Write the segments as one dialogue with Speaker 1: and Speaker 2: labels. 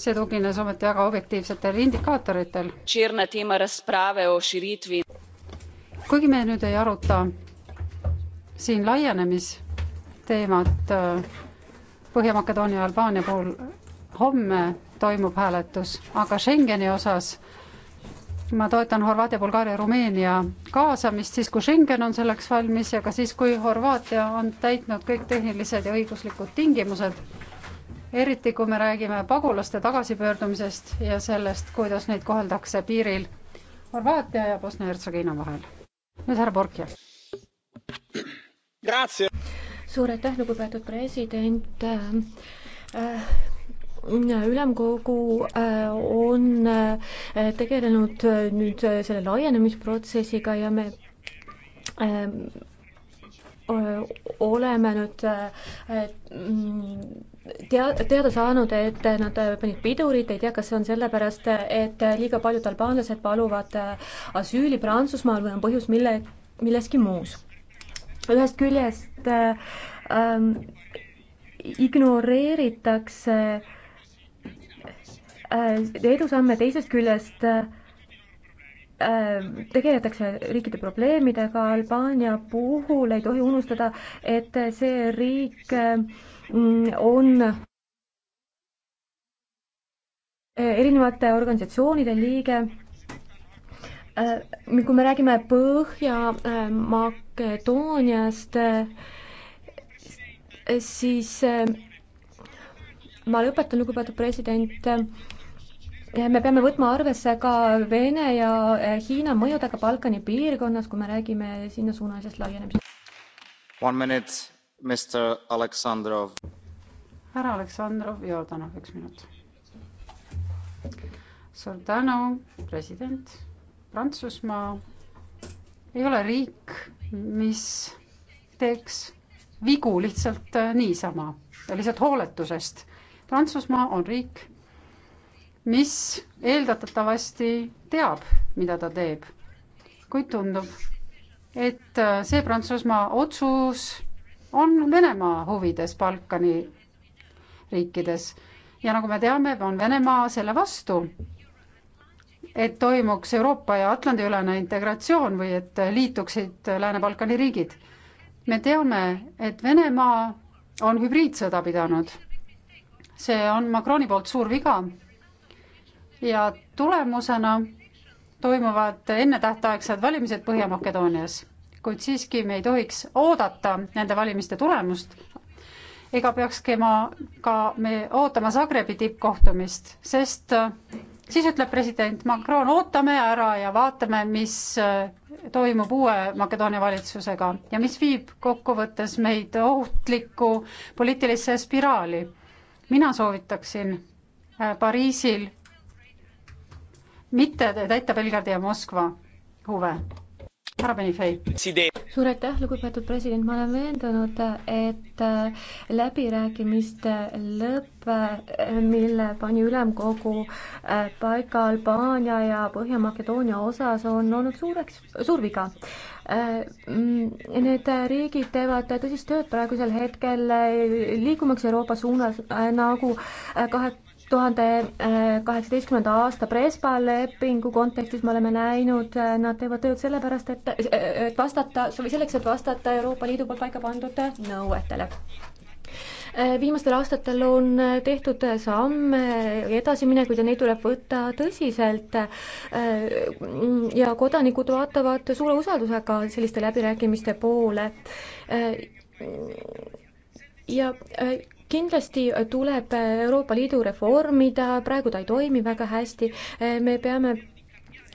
Speaker 1: see tugines ometi väga objektiivsetel indikaatoritel. kuigi me nüüd ei aruta siin laienemisteemat äh, Põhja-Makedoonia ja Albaania puhul, homme toimub hääletus, aga Schengeni osas ma toetan Horvaatia, Bulgaaria, Rumeenia kaasamist siis, kui Schengen on selleks valmis ja ka siis, kui Horvaatia on täitnud kõik tehnilised ja õiguslikud tingimused eriti kui me räägime pagulaste tagasipöördumisest ja sellest, kuidas neid koheldakse piiril Horvaatia ja Bosnia-Hertsegiina vahel. nüüd härra Borkja.
Speaker 2: suur aitäh, lugupeetud president äh, äh ülemkogu äh, on äh, tegelenud nüüd selle laienemisprotsessiga ja me oleme nüüd mm, tea-, teada saanud, et nad panid pidurit, ei tea, kas see on sellepärast, et liiga paljud albaanlased paluvad äh, asüüli Prantsusmaal või on põhjus mille, milleski muus. ühest küljest ähm, ignoreeritakse äh, edusamme, teisest küljest äh, Äh, tegeletakse riikide probleemidega, Albaania puhul ei tohi unustada, et see riik äh, on äh, erinevate organisatsioonide liige kui me räägime Põhja-Makedooniast, siis ma lõpetan, lugupeetud president, me peame võtma arvesse ka Vene ja äh, Hiina mõjudega Balkani piirkonnas, kui me räägime sinnasuunalisest laienemisest.
Speaker 3: One minute, Mr Aleksandrov.
Speaker 1: härra Aleksandrov, Jordanov, üks minut. suur tänu, president. Prantsusmaa ei ole riik, mis teeks vigu lihtsalt äh, niisama, lihtsalt hooletusest. Prantsusmaa on riik, mis eeldatavasti teab, mida ta teeb. kuid tundub, et äh, see Prantsusmaa otsus on Venemaa huvides Balkani riikides ja nagu me teame, on Venemaa selle vastu, et toimuks Euroopa ja Atlandi ülene integratsioon või et liituksid Lääne-Balkani riigid. me teame, et Venemaa on hübriidsõda pidanud. see on Macroni poolt suur viga ja tulemusena toimuvad ennetähtaegsed valimised Põhja-Makedoonias. kuid siiski me ei tohiks oodata nende valimiste tulemust ega peaks kema ka me ootama Zagrebi tippkohtumist, sest äh, siis ütleb president Macron, ootame ära ja vaatame, mis äh, toimub uue Makedoonia valitsusega ja mis viib kokkuvõttes meid ohtlikku poliitilisse spiraali. mina soovitaksin äh, Pariisil mitte täita Belgradi ja Moskva huve. härra Benifei. suur aitäh, lugupeetud president, ma olen
Speaker 2: veendunud, et äh, läbirääkimiste lõpp, äh, mille pani ülemkogu äh, paika Albaania ja Põhja-Makedoonia osas, on olnud suureks, suur viga mm, Need riigid teevad tõsist tööd praegusel hetkel liikumaks Euroopa suunas nagu kahe tuhande kaheksateistkümnenda aasta Prespa lepingu kontekstis me oleme näinud, nad teevad tööd sellepärast, et, et vastata, või selleks, et vastata Euroopa Liidu poolt paika pandud nõuetele viimastel aastatel on tehtud samme, edasiminekuid ja neid tuleb võtta tõsiselt. ja kodanikud vaatavad suure usaldusega selliste läbirääkimiste poole. ja kindlasti tuleb Euroopa Liidu reformida, praegu ta ei toimi väga hästi, me peame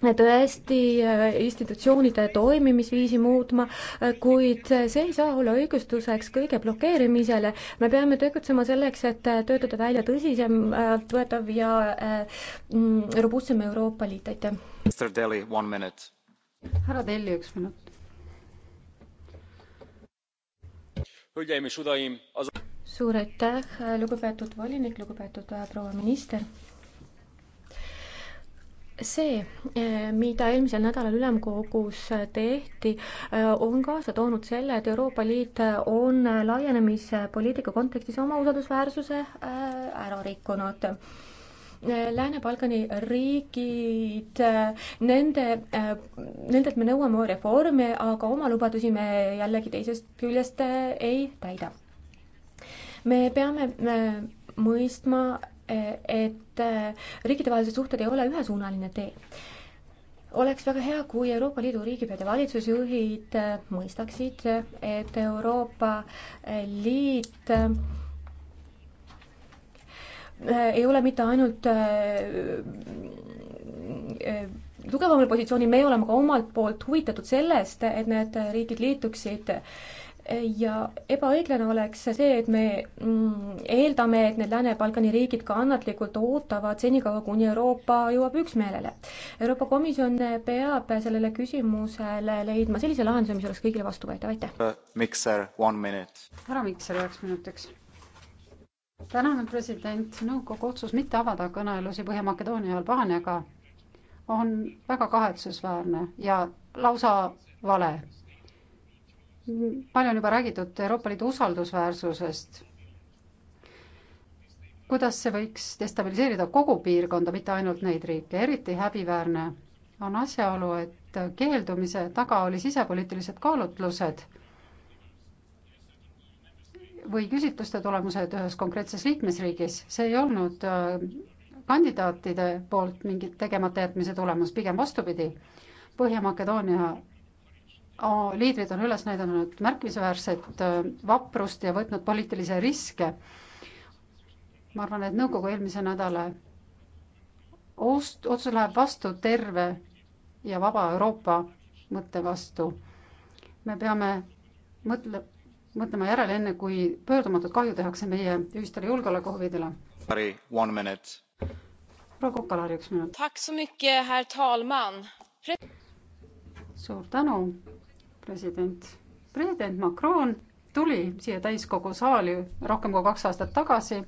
Speaker 2: tõesti äh, institutsioonide toimimisviisi muutma, äh, kuid see ei saa olla õigustuseks kõige blokeerimisele. me peame tegutsema selleks, et äh, töötada välja tõsisemalt võetav ja mm, robustsem Euroopa Liit, aitäh. härra Telli, üks minut suur aitäh, lugupeetud volinik, lugupeetud äh, proua minister. see, äh, mida eelmisel nädalal ülemkogus äh, tehti, on kaasa toonud selle, et Euroopa Liit on laienemispoliitika kontekstis oma usaldusväärsuse ära rikkunud Lääne-Balkani riigid, nende, nendelt me nõuame reforme, aga oma lubadusi me jällegi teisest küljest ei täida me peame äh, mõistma, äh, et äh, riikidevahelised suhted ei ole ühesuunaline tee. oleks väga hea, kui Euroopa Liidu riigipead ja valitsusjuhid mõistaksid, et Euroopa Liit ei ole mitte ainult tugevamal positsioonil, meie oleme ka omalt poolt huvitatud sellest, et need riigid liituksid ja ebaõiglane oleks see, et me mm, eeldame, et need Lääne-Balkani riigid kannatlikult ootavad senikaua, kuni Euroopa jõuab üksmeelele. Euroopa Komisjon peab sellele küsimusele leidma sellise lahenduse, mis oleks kõigile vastuvõetav,
Speaker 1: aitäh. Mikser, one minute. härra Mikser üheks minutiks. tänane president, nõukogu otsus mitte avada kõnelusi Põhja-Makedoonia ja Albaaniaga on väga kahetsusväärne ja lausa vale palju on juba räägitud Euroopa Liidu usaldusväärsusest. kuidas see võiks destabiliseerida kogu piirkonda, mitte ainult neid riike, eriti häbiväärne on asjaolu, et keeldumise taga oli sisepoliitilised kaalutlused või küsitluste tulemused ühes konkreetses liikmesriigis, see ei olnud äh, kandidaatide poolt mingit tegemata jätmise tulemus, pigem vastupidi. Põhja-Makedoonia liidrid on üles näidanud märkimisväärset äh, vaprust ja võtnud poliitilisi riske. ma arvan, et nõukogu eelmise nädala ost-, otsus läheb vastu terve ja vaba Euroopa mõtte vastu. me peame mõtle, mõtlema järele, enne kui pöördumatut kahju tehakse meie ühistele julgeolekuhuvidele. proua Kukalari, üks minut. suur tänu, president, president Macron tuli siia täiskogu saali rohkem kui kaks aastat tagasi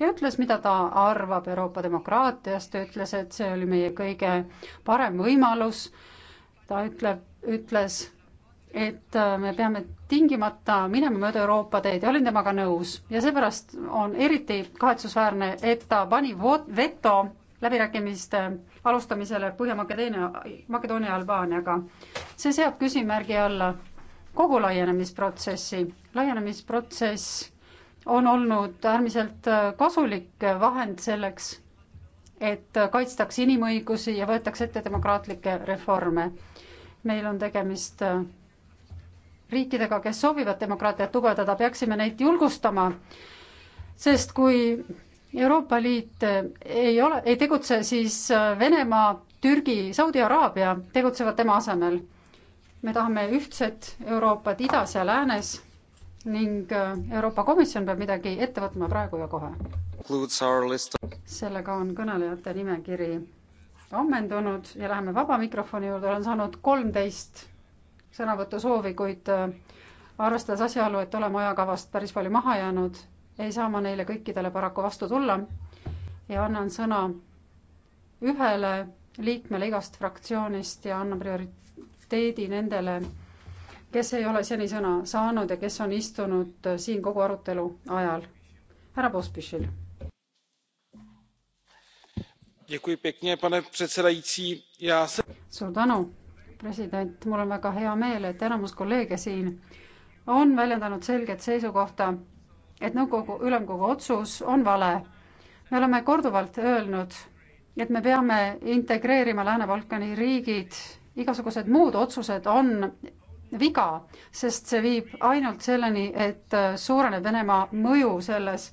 Speaker 1: ja ütles, mida ta arvab Euroopa demokraatiast, ütles, et see oli meie kõige parem võimalus. ta ütleb, ütles, et äh, me peame tingimata minema mööda Euroopa teed ja olin temaga nõus ja seepärast on eriti kahetsusväärne, et ta pani veto läbirääkimiste alustamisele Põhja-Makedoonia, Makedoonia Albaaniaga. see seab küsimärgi alla kogu laienemisprotsessi. laienemisprotsess on olnud äärmiselt äh, kasulik vahend selleks, et kaitstakse inimõigusi ja võetakse ette demokraatlikke reforme. meil on tegemist äh, riikidega, kes soovivad demokraatiat tugevdada, peaksime neid julgustama, sest kui Euroopa Liit eh, ei ole, ei tegutse siis eh, Venemaa, Türgi, Saudi-Araabia tegutsevad tema asemel. me tahame ühtset Euroopat idas ja läänes ning eh, Euroopa Komisjon peab midagi ette võtma praegu ja kohe. sellega on kõnelejate nimekiri ammendunud ja läheme vaba mikrofoni juurde, olen saanud kolmteist sõnavõtusoovi, kuid arvestades asjaolu, et oleme ajakavast päris palju maha jäänud, ei saa ma neile kõikidele paraku vastu tulla ja annan sõna ühele liikmele igast fraktsioonist ja annan prioriteedi nendele, kes ei ole seni sõna saanud ja kes on istunud siin kogu arutelu ajal. härra Pospišil. suur tänu, president, mul on väga hea meel, et enamus kolleege siin on väljendanud selget seisukohta et nõukogu, ülemkogu otsus on vale. me oleme korduvalt öelnud, et me peame integreerima Lääne-Balkani riigid, igasugused muud otsused on viga, sest see viib ainult selleni, et suureneb Venemaa mõju selles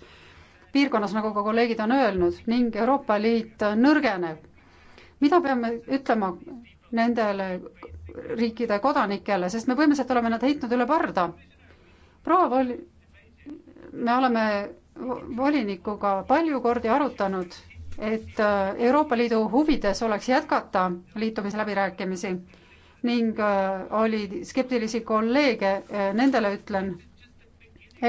Speaker 1: piirkonnas, nagu ka kolleegid on öelnud, ning Euroopa Liit nõrgeneb. mida peame ütlema nendele riikide kodanikele, sest me põhimõtteliselt oleme nad heitnud üle parda. proua Vol-, me oleme volinikuga palju kordi arutanud, et äh, Euroopa Liidu huvides oleks jätkata liitumisläbirääkimisi ning äh, oli skeptilisi kolleege, äh, nendele ütlen,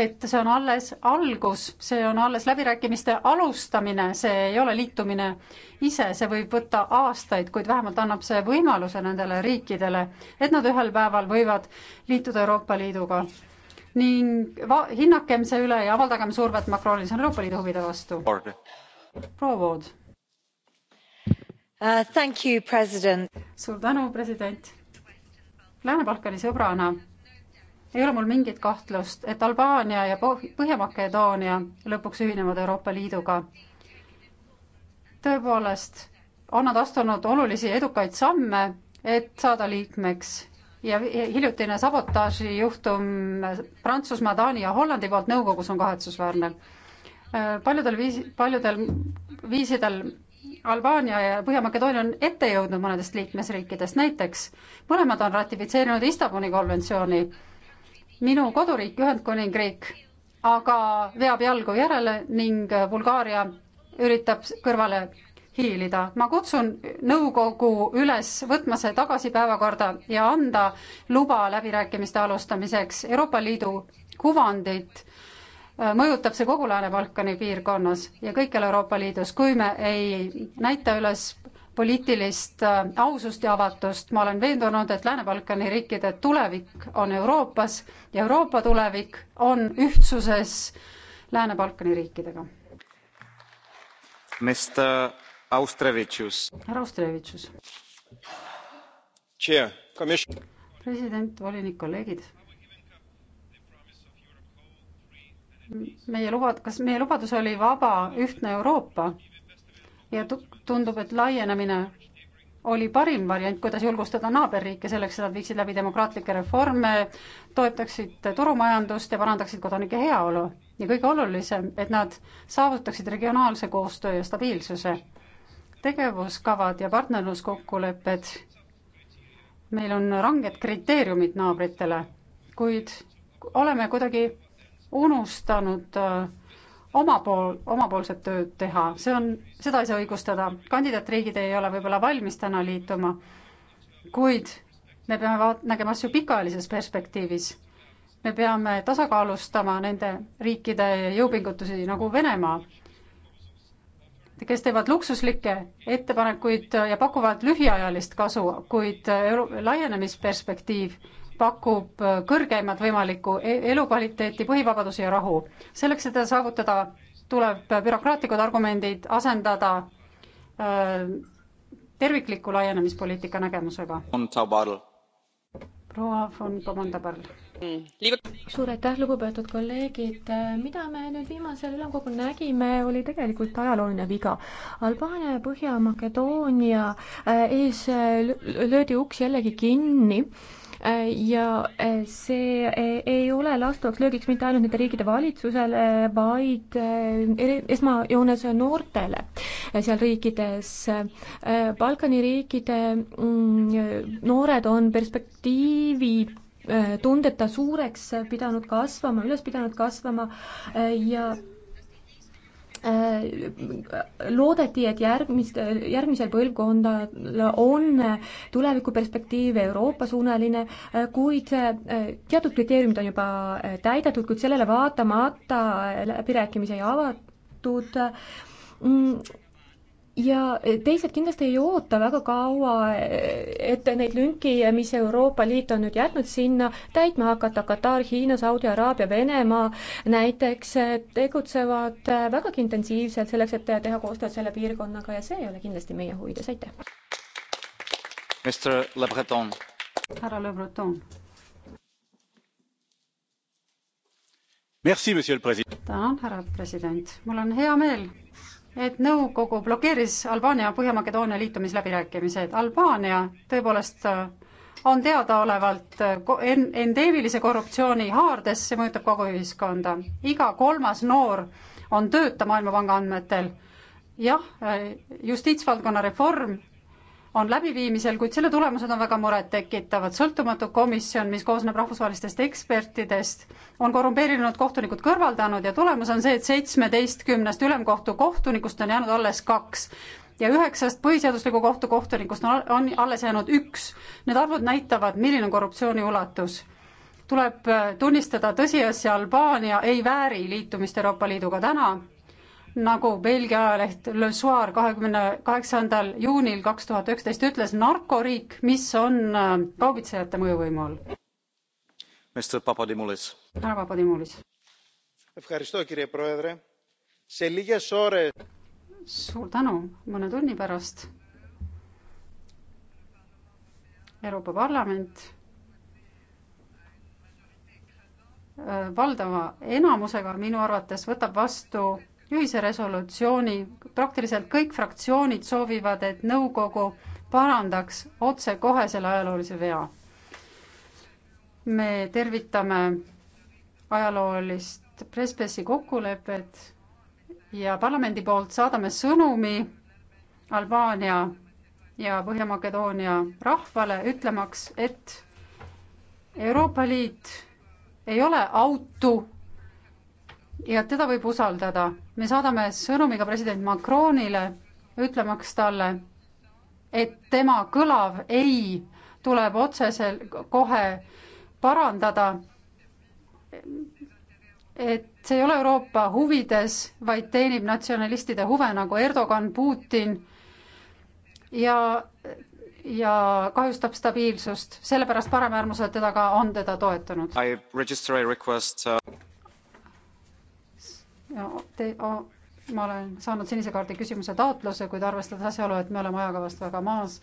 Speaker 1: et see on alles algus, see on alles läbirääkimiste alustamine, see ei ole liitumine ise, see võib võtta aastaid, kuid vähemalt annab see võimaluse nendele riikidele, et nad ühel päeval võivad liituda Euroopa Liiduga ning va-, hinnakem see üle ja avaldagem survet Macronile, see on Euroopa Liidu huvide vastu. proua Vood uh,. suur tänu, president. Lääne-Balkani sõbrana ei ole mul mingit kahtlust, et Albaania ja Põhja-Makedoonia lõpuks ühinevad Euroopa Liiduga. tõepoolest on nad astunud olulisi edukaid samme, et saada liikmeks ja hiljutine sabotaaži juhtum Prantsusmaa, Taani ja Hollandi poolt nõukogus on kahetsusväärne. Äh, paljudel viis, paljudel viisidel Albaania ja Põhja-Makedoonia on ette jõudnud mõnedest liikmesriikidest, näiteks mõlemad on ratifitseerinud Istanbuli konventsiooni. minu koduriik Ühendkuningriik aga veab jalgu järele ning Bulgaaria üritab kõrvale hiilida. ma kutsun nõukogu üles võtma see tagasi päevakorda ja anda luba läbirääkimiste alustamiseks Euroopa Liidu kuvandit äh, mõjutab see kogu Lääne-Balkani piirkonnas ja kõikjal Euroopa Liidus, kui me ei näita üles poliitilist äh, ausust ja avatust, ma olen veendunud, et Lääne-Balkani riikide tulevik on Euroopas ja Euroopa tulevik on ühtsuses Lääne-Balkani riikidega.
Speaker 3: Mr Austrevitšus.
Speaker 1: härra Austrevitšus. president, volinik, kolleegid. meie lubad-, kas meie lubadus oli vaba ühtne Euroopa ja tundub, et laienemine oli parim variant, kuidas julgustada naaberriike selleks, et nad viiksid läbi demokraatlikke reforme, toetaksid turumajandust ja parandaksid kodanike heaolu. ja kõige olulisem, et nad saavutaksid regionaalse koostöö ja stabiilsuse tegevuskavad ja partnerluskokkulepped, meil on ranged kriteeriumid naabritele, kuid oleme kuidagi unustanud äh, oma pool, omapoolset tööd teha, see on, seda ei saa õigustada, kandidaatriigid ei ole võib-olla valmis täna liituma, kuid me peame vaat-, nägema asju pikaajalises perspektiivis. me peame tasakaalustama nende riikide jõupingutusi nagu Venemaa kes teevad luksuslikke ettepanekuid ja pakuvad lühiajalist kasu, kuid laienemisperspektiiv pakub kõrgeimat võimalikku e-, elukvaliteeti, põhivabadusi ja rahu. selleks, et seda saavutada, tuleb bürokraatlikud argumendid asendada äh, tervikliku laienemispoliitika nägemusega. proua von Komandabal suur aitäh, lugupeetud
Speaker 2: kolleegid. mida me nüüd viimasel ülemkogul nägime, oli tegelikult ajalooline viga. Albaania ja Põhja-Makedoonia äh, ees löödi uks jällegi kinni äh, ja äh, see ei ole lastuvaks löögiks mitte ainult nende riikide valitsusele, vaid esmajoones noortele seal riikides. Balkani riikide mm, noored on perspektiivid Äh, tundeta suureks pidanud kasvama, üles pidanud kasvama äh, ja äh, loodeti, et järgmist, järgmisel põlvkondal on tulevikuperspektiiv Euroopa-suunaline, kuid teatud kriteeriumid on juba täidetud, kuid sellele vaatamata läbirääkimisi ei avatud mm, ja eh, teised kindlasti ei oota väga kaua, eh, et neid lünki, eh, mis Euroopa Liit on nüüd jätnud sinna, täitma hakata Katar, Hiina, Saudi Araabia, Venemaa näiteks tegutsevad vägagi intensiivselt selleks, et teha koostööd selle piirkonnaga ja see ei ole kindlasti meie huvides, aitäh.
Speaker 1: härra Le Breton. tänan, härra president, mul on hea meel et nõukogu blokeeris Albaania ja Põhja-Makedoonia liitumisläbirääkimised. Albaania tõepoolest äh, on teadaolevalt äh, endeevilise korruptsiooni haardes, see mõjutab kogu ühiskonda. iga kolmas noor on tööta Maailmapanga andmetel. jah, äh, justiitsvaldkonna reform on läbiviimisel, kuid selle tulemused on väga murettekitavad. sõltumatu komisjon, mis koosneb rahvusvahelistest ekspertidest, on korrumpeerinud kohtunikud kõrvaldanud ja tulemus on see, et seitsmeteistkümnest ülemkohtu kohtunikust on jäänud alles kaks ja üheksast põhiseadusliku kohtu kohtunikust on, on alles jäänud üks. Need arvud näitavad, milline on korruptsiooni ulatus. tuleb tunnistada tõsiasja, Albaania ei vääri liitumist Euroopa Liiduga täna nagu Belgia ajaleht Le Soir kahekümne kaheksandal juunil kaks tuhat üksteist ütles, narkoriik, mis on äh, kaubitsejate mõjuvõimu all. härra Papadimulis. suur tänu, mõne tunni pärast Euroopa Parlament äh, valdava enamusega minu arvates võtab vastu ühise resolutsiooni, praktiliselt kõik fraktsioonid soovivad, et nõukogu parandaks otsekohe selle ajaloolise vea. me tervitame ajaloolist Prespessi kokkulepet ja parlamendi poolt saadame sõnumi Albaania ja Põhja-Makedoonia rahvale, ütlemaks, et Euroopa Liit ei ole autu ja teda võib usaldada. me saadame sõnumiga president Macronile, ütlemaks talle, et tema kõlav ei tuleb otsesel kohe parandada. et see ei ole Euroopa huvides, vaid teenib natsionalistide huve nagu Erdogan, Putin ja, ja kahjustab stabiilsust, sellepärast paremäärmused teda ka on teda toetanud. I register a request uh Te, ma olen saanud sinise kaardi küsimuse taotluse, kuid arvestades asjaolu, et me oleme ajakavast väga maas,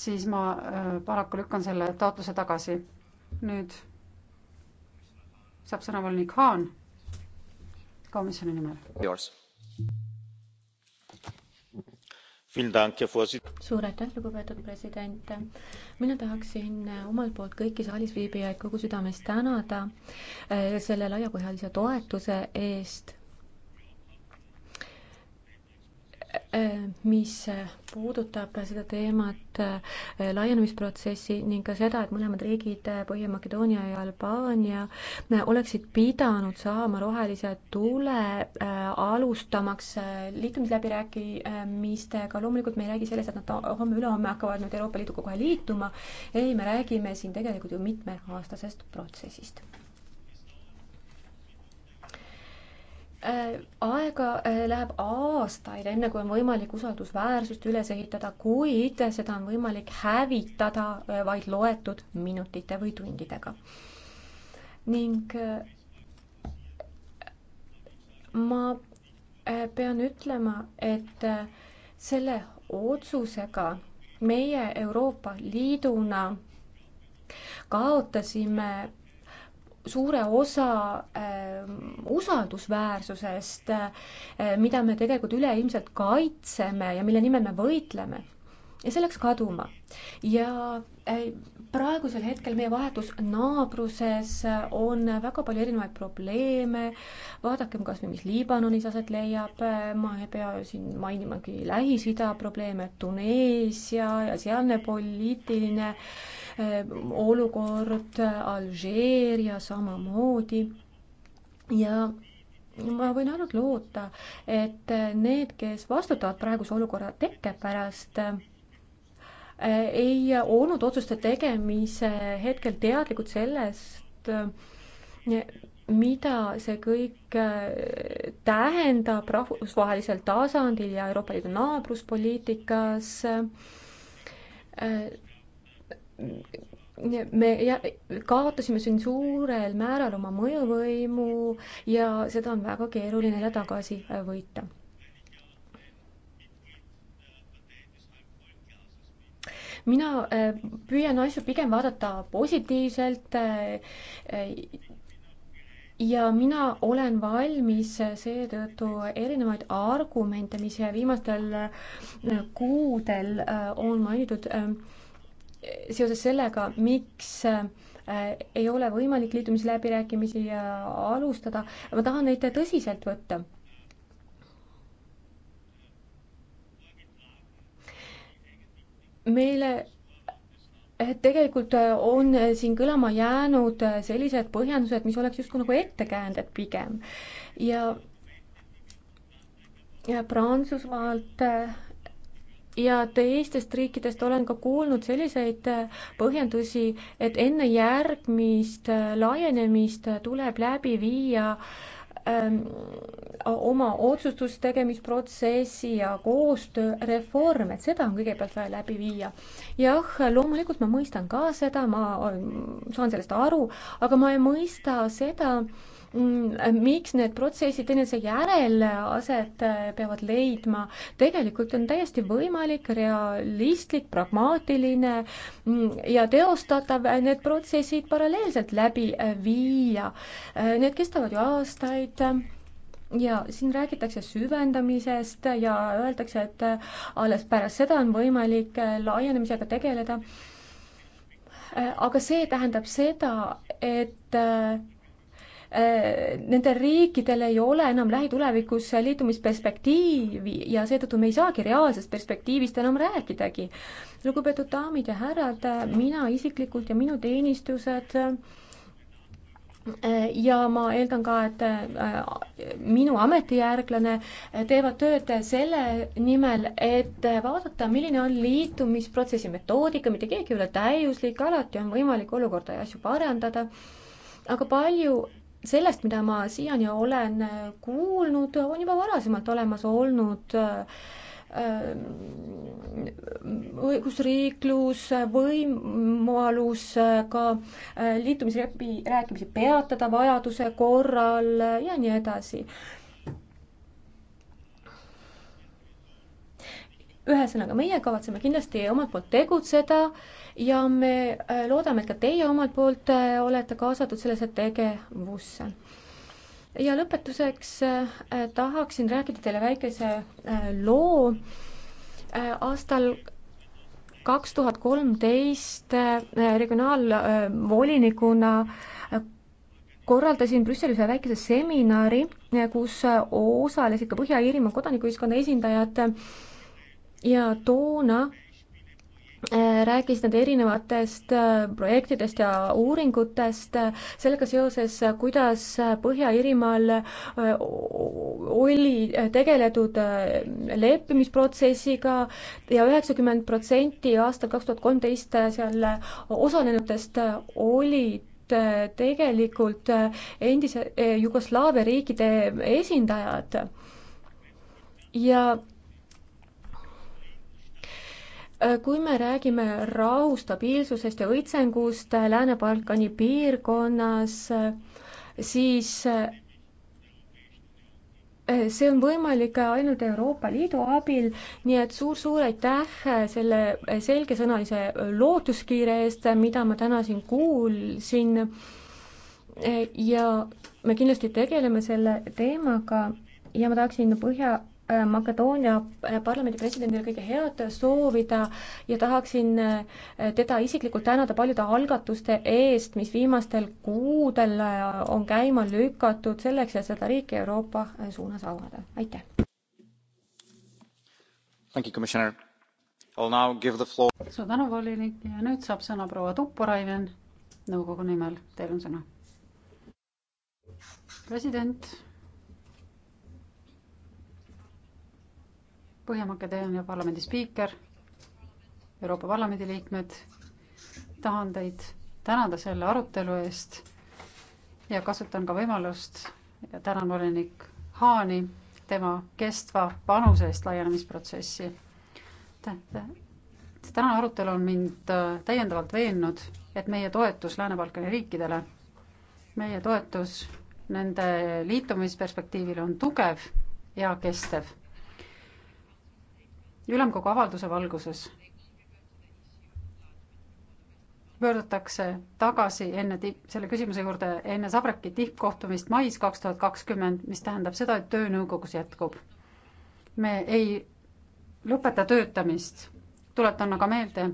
Speaker 1: siis ma äh, paraku lükkan selle taotluse tagasi. nüüd saab sõna volinik Haan komisjoni nimel
Speaker 2: suur aitäh, lugupeetud president. mina tahaksin omalt poolt kõiki saalis viibijaid kogu südamest tänada eh, selle laiapõhjalise toetuse eest mis puudutab seda teemat, äh, laienemisprotsessi ning ka seda, et mõlemad riigid, äh, Põhja-Makedoonia ja Albaania, äh, oleksid pidanud saama rohelise tule alustamaks liitumisläbirääkimistega. loomulikult me ei räägi sellest, et nad homme-ülehomme hakkavad nüüd Euroopa Liiduga kohe liituma. ei, me räägime siin tegelikult ju mitmeaastasest protsessist. Äh, aega äh, läheb aastaid, enne kui on võimalik usaldusväärsust üles ehitada, kuid seda on võimalik hävitada äh, vaid loetud minutite või tundidega. ning ma pean ütlema, et selle otsusega meie Euroopa Liiduna kaotasime suure osa äh, usaldusväärsusest äh,, mida me tegelikult üleilmselt kaitseme ja mille nimel me võitleme. ja see läks kaduma. ja äh, praegusel hetkel meie vahetus naabruses on väga palju erinevaid probleeme, vaadakem kas või, mis Liibanonis aset leiab, ma ei pea siin mainimagi Lähis-Ida probleeme, Tuneesia ja sealne poliitiline äh, olukord Alžeeria samamoodi ja ma võin ainult loota, et need, kes vastutavad praeguse olukorra tekke pärast, ei olnud otsuste tegemise hetkel teadlikud sellest, mida see kõik tähendab rahvusvahelisel tasandil ja Euroopa Liidu naabruspoliitikas me kaotasime siin suurel määral oma mõjuvõimu ja seda on väga keeruline jälle tagasi äh, võita. mina äh, püüan asju pigem vaadata positiivselt äh, ja mina olen valmis seetõttu erinevaid argumente, mis viimastel kuudel on mainitud, seoses sellega, miks äh, ei ole võimalik liitumisläbirääkimisi äh, alustada, ma tahan neid tõsiselt võtta. meile äh, tegelikult on siin kõlama jäänud sellised põhjendused, mis oleks justkui nagu ettekäänded pigem ja ja Prantsusmaalt äh, ja teistest riikidest olen ka kuulnud selliseid äh, põhjendusi, et enne järgmist äh, laienemist äh, tuleb läbi viia ähm, oma otsustustegemisprotsessi ja koostööreform, et seda on kõigepealt vaja läbi viia. jah, loomulikult ma mõistan ka seda, ma ähm, saan sellest aru, aga ma ei mõista seda, Mm, miks need protsessid enese järel aset äh, peavad leidma, tegelikult on täiesti võimalik, realistlik, pragmaatiline mm, ja teostatav äh, need protsessid paralleelselt läbi äh, viia. Need kestavad ju aastaid ja siin räägitakse süvendamisest ja öeldakse, et alles pärast seda on võimalik laienemisega tegeleda. aga see tähendab seda, et Äh, nendel riikidel ei ole enam lähitulevikus liitumisperspektiivi ja seetõttu me ei saagi reaalsest perspektiivist enam rääkidagi. lugupeetud daamid ja härrad, mina isiklikult ja minu teenistused äh, ja ma eeldan ka, et äh, minu ametijärglane teevad tööd selle nimel, et vaadata, milline on liitumisprotsessi metoodika, mitte keegi ei ole täiuslik, alati on võimalik olukorda ja asju parandada, aga palju sellest, mida ma siiani olen äh, kuulnud, on juba varasemalt olemas olnud äh, äh, õigusriiklus, võimalus ka liitumisrepi rääkimisi peatada vajaduse korral ja nii edasi. ühesõnaga, meie kavatseme kindlasti omalt poolt tegutseda äh, ja me äh, loodame, et ka teie omalt poolt äh, olete kaasatud sellesse tegevusse. ja lõpetuseks äh, tahaksin rääkida teile väikese loo aastal kaks tuhat kolmteist regionaalvolinikuna korraldasin Brüsselis ühe väikese seminari, kus osalesid ka Põhja-Iirimaa kodanikuühiskonna esindajad ja toona Äh, rääkis nad erinevatest äh, projektidest ja uuringutest äh, sellega seoses, kuidas Põhja-Iirimaal oli tegeletud leppimisprotsessiga ja üheksakümmend protsenti aastal kaks tuhat kolmteist seal osalenutest olid tegelikult endise Jugoslaavia riikide esindajad ja Äh, kui me räägime rahu, stabiilsusest ja õitsengust äh, Lääne-Balkani piirkonnas, äh, siis see on võimalik ainult Euroopa Liidu abil, nii et suur-suur aitäh selle selgesõnalise lootuskiire eest, mida ma täna siin kuulsin. ja me kindlasti tegeleme selle teemaga ja ma tahaksin Põhja Äh, Makedoonia äh, parlamendi presidendile kõige head soovida ja tahaksin äh, teda isiklikult tänada paljude algatuste eest, mis viimastel kuudel on käima lükatud selleks, et seda riiki Euroopa suunas avada. aitäh!
Speaker 1: suur tänu, volinik, ja nüüd saab sõna proua Tuppurainen nõukogu nimel, teil on sõna. president Põhja-Makedoonia parlamendi spiiker, Euroopa Parlamendi liikmed, tahan teid tänada selle arutelu eest ja kasutan ka võimalust ja tänan volinik Haani tema kestva panuse eest laienemisprotsessi. tänane arutelu on mind äh, täiendavalt veennud, et meie toetus Lääne-Balkani riikidele, meie toetus nende liitumisperspektiivile on tugev ja kestev ülemkogu avalduse valguses pöördutakse tagasi enne tipp, selle küsimuse juurde enne Sabraki tippkohtumist mais kaks tuhat kakskümmend, mis tähendab seda, et töö nõukogus jätkub. me ei lõpeta töötamist, tuletan aga meelde,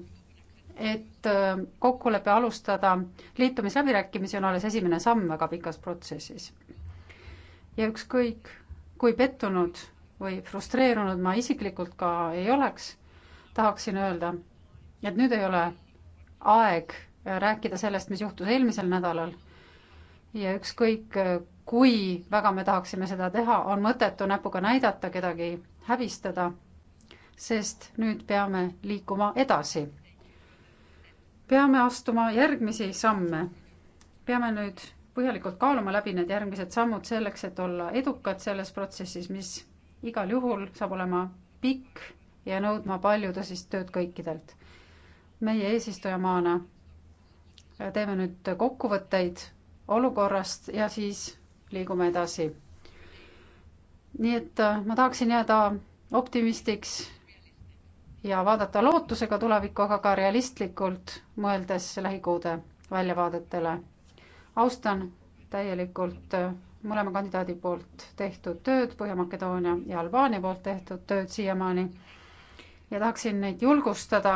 Speaker 1: et äh, kokkulepe alustada liitumisläbirääkimisi on alles esimene samm väga pikas protsessis. ja ükskõik, kui pettunud või frustreerunud ma isiklikult ka ei oleks, tahaksin öelda, et nüüd ei ole aeg rääkida sellest, mis juhtus eelmisel nädalal. ja ükskõik, kui väga me tahaksime seda teha, on mõttetu näpuga näidata, kedagi häbistada, sest nüüd peame liikuma edasi. peame astuma järgmisi samme. peame nüüd põhjalikult kaaluma läbi need järgmised sammud selleks, et olla edukad selles protsessis, mis igal juhul saab olema pikk ja nõudma palju tõsist tööd kõikidelt. meie eesistujamaana teeme nüüd kokkuvõtteid olukorrast ja siis liigume edasi. nii et äh, ma tahaksin jääda optimistiks ja vaadata lootusega tulevikku, aga ka realistlikult, mõeldes lähikuude väljavaadetele. austan täielikult äh, mõlema kandidaadi poolt tehtud tööd, Põhja-Makedoonia ja Albaania poolt tehtud tööd siiamaani. ja tahaksin neid julgustada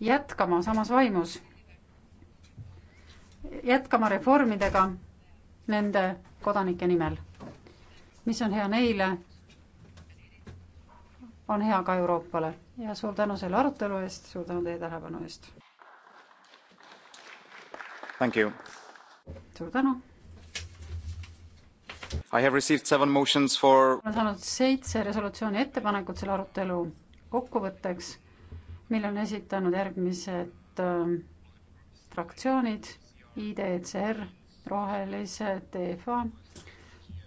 Speaker 1: jätkama samas vaimus, jätkama reformidega nende kodanike nimel. mis on hea neile, on hea ka Euroopale ja suur tänu selle arutelu eest, suur tänu teie tähelepanu eest. suur tänu.
Speaker 3: For...
Speaker 1: olen saanud seitse resolutsiooni ettepanekut selle arutelu kokkuvõtteks, mille on esitanud järgmised äh, fraktsioonid IDCR, e Rohelised, EFA,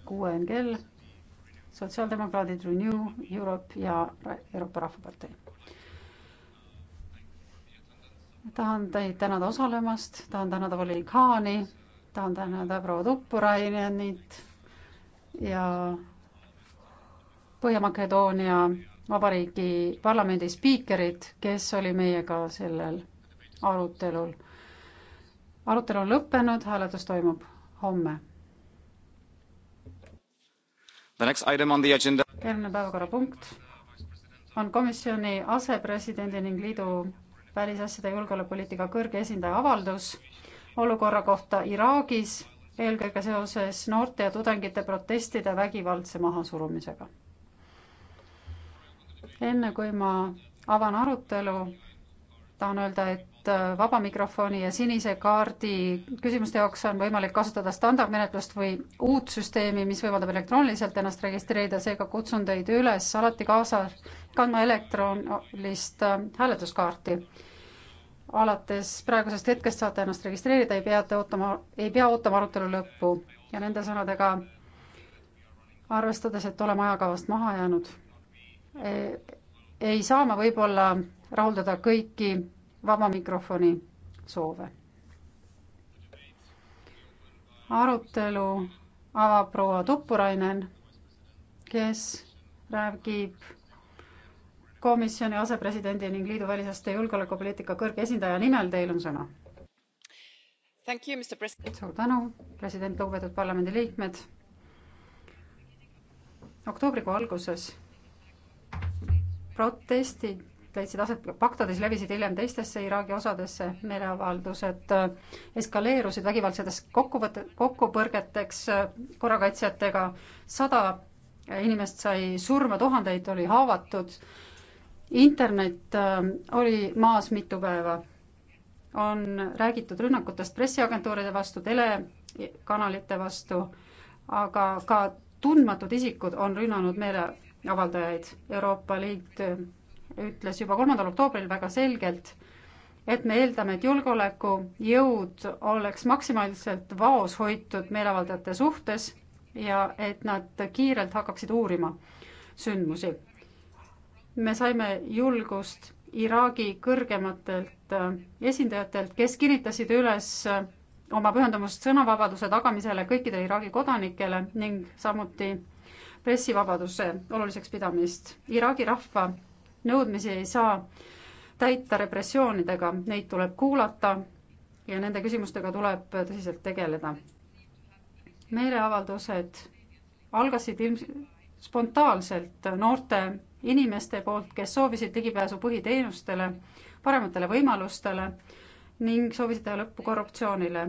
Speaker 1: QNGL, Sotsiaaldemokraadid, Renew Europe ja Euroopa Rahvapartei. tahan teid tänada osalemast, tahan tänada volinik Haani, tahan tänada proua Tuppurainenit ja Põhja-Makedoonia Vabariigi parlamendi spiikerit, kes oli meiega sellel arutelul. arutelu on lõppenud, hääletus toimub homme. järgmine päevakorrapunkt on komisjoni asepresidendi ning liidu välisasjade ja julgeolekupoliitika kõrge esindaja avaldus olukorra kohta Iraagis eelkõige seoses noorte ja tudengite protestide vägivaldse mahasurumisega. enne kui ma avan arutelu, tahan öelda, et vaba mikrofoni ja sinise kaardi küsimuste jaoks on võimalik kasutada standardmenetlust või uut süsteemi, mis võimaldab elektrooniliselt ennast registreerida, seega kutsun teid üles alati kaasa kandma elektroonilist hääletuskaarti äh, alates praegusest hetkest saate ennast registreerida, ei pea ootama, ei pea ootama arutelu lõppu ja nende sõnadega arvestades, et oleme ajakavast maha jäänud, e, ei saa me võib-olla rahuldada kõiki vaba mikrofoni soove. arutelu avab proua Tuppurainen, kes räägib komisjoni asepresidendi ning liidu välisaste julgeolekupoliitika kõrge esindaja nimel teil on sõna. suur tänu, president, lugupeetud parlamendiliikmed. oktoobrikuu alguses protestid leidsid aset Bagdadis, levisid hiljem teistesse Iraagi osadesse, meeleavaldused äh, eskaleerusid vägivaldsetes kokkuvõtte, kokkupõrgeteks äh, korrakaitsjatega, sada inimest sai surma, tuhandeid oli haavatud internet äh, oli maas mitu päeva. on räägitud rünnakutest pressiagentuuride vastu, telekanalite vastu, aga ka tundmatud isikud on rünnanud meeleavaldajaid. Euroopa Liit ütles juba kolmandal oktoobril väga selgelt, et me eeldame, et julgeolekujõud oleks maksimaalselt vaos hoitud meeleavaldajate suhtes ja et nad kiirelt hakkaksid uurima sündmusi me saime julgust Iraagi kõrgematelt äh, esindajatelt, kes kinnitasid üles äh, oma pühendumust sõnavabaduse tagamisele kõikidele Iraagi kodanikele ning samuti pressivabaduse oluliseks pidamist. Iraagi rahva nõudmisi ei saa täita repressioonidega, neid tuleb kuulata ja nende küsimustega tuleb tõsiselt tegeleda. meeleavaldused algasid ilmselt spontaalselt noorte inimeste poolt, kes soovisid ligipääsu põhiteenustele, parematele võimalustele ning soovisid teha lõppu korruptsioonile.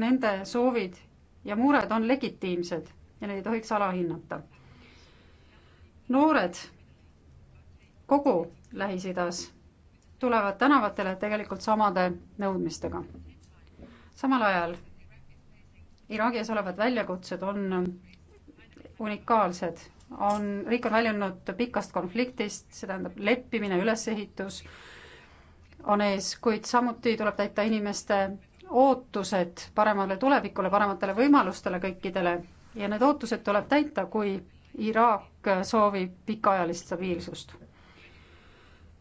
Speaker 1: Nende soovid ja mured on legitiimsed ja neid ei tohiks alahinnata. noored kogu Lähis-Idas tulevad tänavatele tegelikult samade nõudmistega. samal ajal Iraagi ees olevad väljakutsed on unikaalsed on, riik on väljunud pikast konfliktist, see tähendab leppimine, ülesehitus on ees, kuid samuti tuleb täita inimeste ootused paremale tulevikule, parematele võimalustele kõikidele ja need ootused tuleb täita, kui Iraak soovib pikaajalist stabiilsust.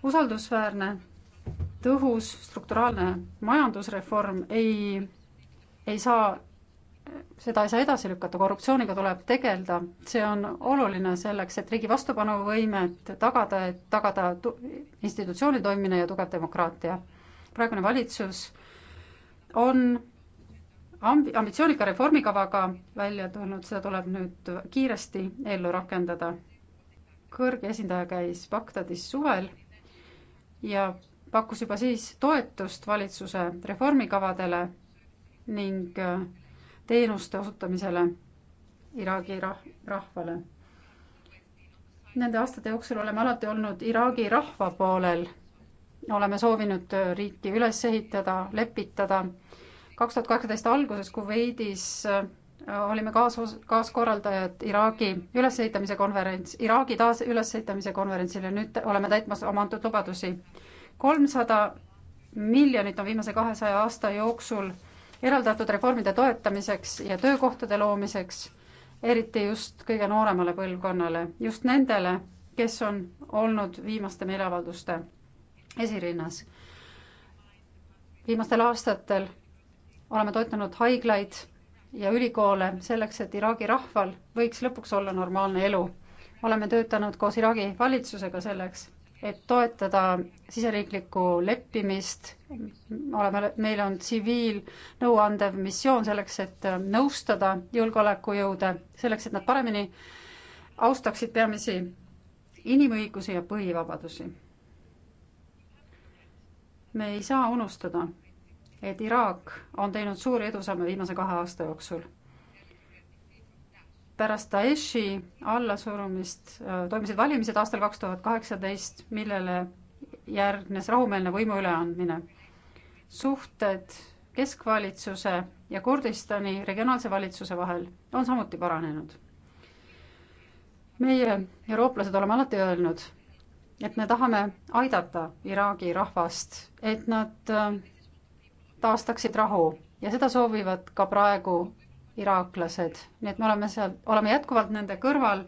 Speaker 1: usaldusväärne, tõhus, strukturaalne majandusreform ei, ei saa seda ei saa edasi lükata, korruptsiooniga tuleb tegeleda, see on oluline selleks, et riigi vastupanuvõimet tagada, et tagada institutsiooni toimimine ja tugev demokraatia. praegune valitsus on ambi-, ambitsioonika reformikavaga välja tulnud, seda tuleb nüüd kiiresti ellu rakendada. kõrge esindaja käis Bagdadis suvel ja pakkus juba siis toetust valitsuse reformikavadele ning äh, teenuste osutamisele Iraagi rah-, rahvale. Nende aastate jooksul oleme alati olnud Iraagi rahva poolel, oleme soovinud riiki üles ehitada, lepitada. kaks tuhat kaheksateist alguses Kuveidis äh, olime kaas-, kaaskorraldajad Iraagi ülesehitamise konverents, Iraagi taas ülesehitamise konverentsil ja nüüd oleme täitmas oma antud lubadusi. kolmsada miljonit on viimase kahesaja aasta jooksul eraldatud reformide toetamiseks ja töökohtade loomiseks, eriti just kõige nooremale põlvkonnale, just nendele, kes on olnud viimaste meeleavalduste esirinnas. viimastel aastatel oleme toetanud haiglaid ja ülikoole selleks, et Iraagi rahval võiks lõpuks olla normaalne elu. oleme töötanud koos Iraagi valitsusega selleks, et toetada siseriiklikku leppimist oleme, meil on tsiviilnõuandev missioon selleks, et äh, nõustada julgeolekujõude, selleks, et nad paremini austaksid peamisi inimõigusi ja põhivabadusi. me ei saa unustada, et Iraak on teinud suuri edusamme viimase kahe aasta jooksul. pärast Daeshi allasurumist äh, toimusid valimised aastal kaks tuhat kaheksateist, millele järgnes rahumeelne võimu üleandmine suhted keskvalitsuse ja Kurdistani regionaalse valitsuse vahel on samuti paranenud. meie, eurooplased, oleme alati öelnud, et me tahame aidata Iraagi rahvast, et nad äh, taastaksid rahu ja seda soovivad ka praegu iraaklased, nii et me oleme seal, oleme jätkuvalt nende kõrval,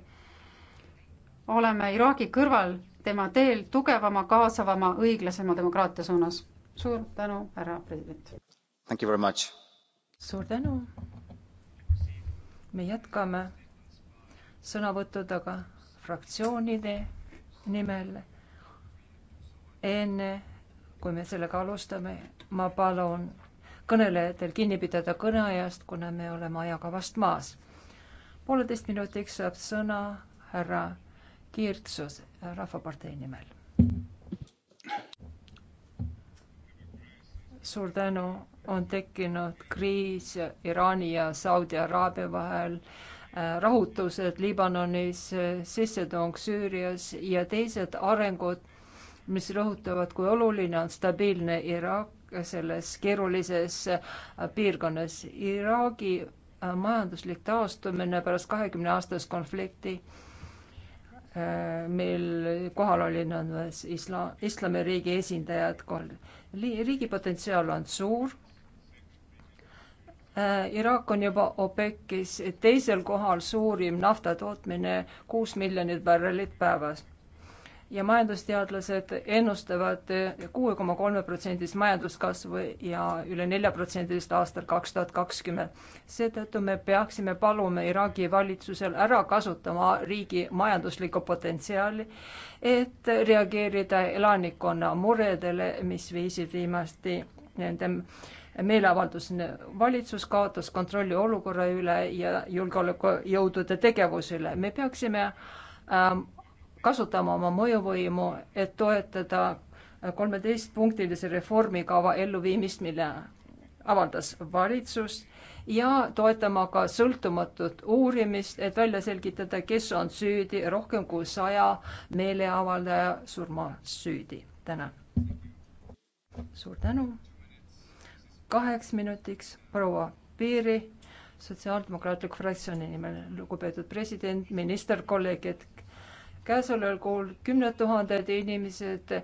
Speaker 1: oleme Iraagi kõrval tema teel tugevama, kaasavama, õiglasema demokraatia suunas suur tänu, härra president.
Speaker 3: Thank you very much. suur tänu. me jätkame sõnavõttudega fraktsioonide nimel. enne kui me sellega alustame, ma palun kõnelejatel kinni pidada kõneajast, kuna me oleme ajaga vast maas. pooleteist minutiks saab sõna härra Kirtsus Rahvapartei nimel. suur tänu, on tekkinud kriis Iraani ja Saudi Araabia vahel, äh, rahutused Liibanonis, äh, sissetung Süürias ja teised arengud, mis rõhutavad, kui oluline on stabiilne Iraak selles keerulises äh, piirkonnas. Iraagi majanduslik taastumine pärast kahekümne aastast konflikti Äh, meil kohal olid isla-, islamiriigi esindajad kohal. riigi potentsiaal on suur. Äh, Iraak on juba OPEC-is teisel kohal suurim naftatootmine, kuus miljonit barrelit päevas ja majandusteadlased ennustavad kuue koma kolme protsendist majanduskasvu ja üle nelja protsendist aastal kaks tuhat kakskümmend. seetõttu me peaksime paluma Iraagi valitsusel ära kasutama riigi majanduslikku potentsiaali, et reageerida elanikkonna muredele, mis viisid viimasti nende meeleavaldus, valitsus kaotas kontrolli olukorra üle ja julgeolekujõudude tegevuse üle. me peaksime ähm, kasutama oma mõjuvõimu, et toetada kolmeteistpunktilise reformikava elluviimist, mille avaldas valitsus ja toetama ka sõltumatut uurimist, et välja selgitada, kes on süüdi rohkem kui saja meeleavaldaja surmas süüdi. tänan. suur tänu. kaheks minutiks proua Piiri Sotsiaaldemokraatliku fraktsiooni nimel, lugupeetud president, minister, kolleegid käesoleval kuul kümned tuhanded inimesed eh,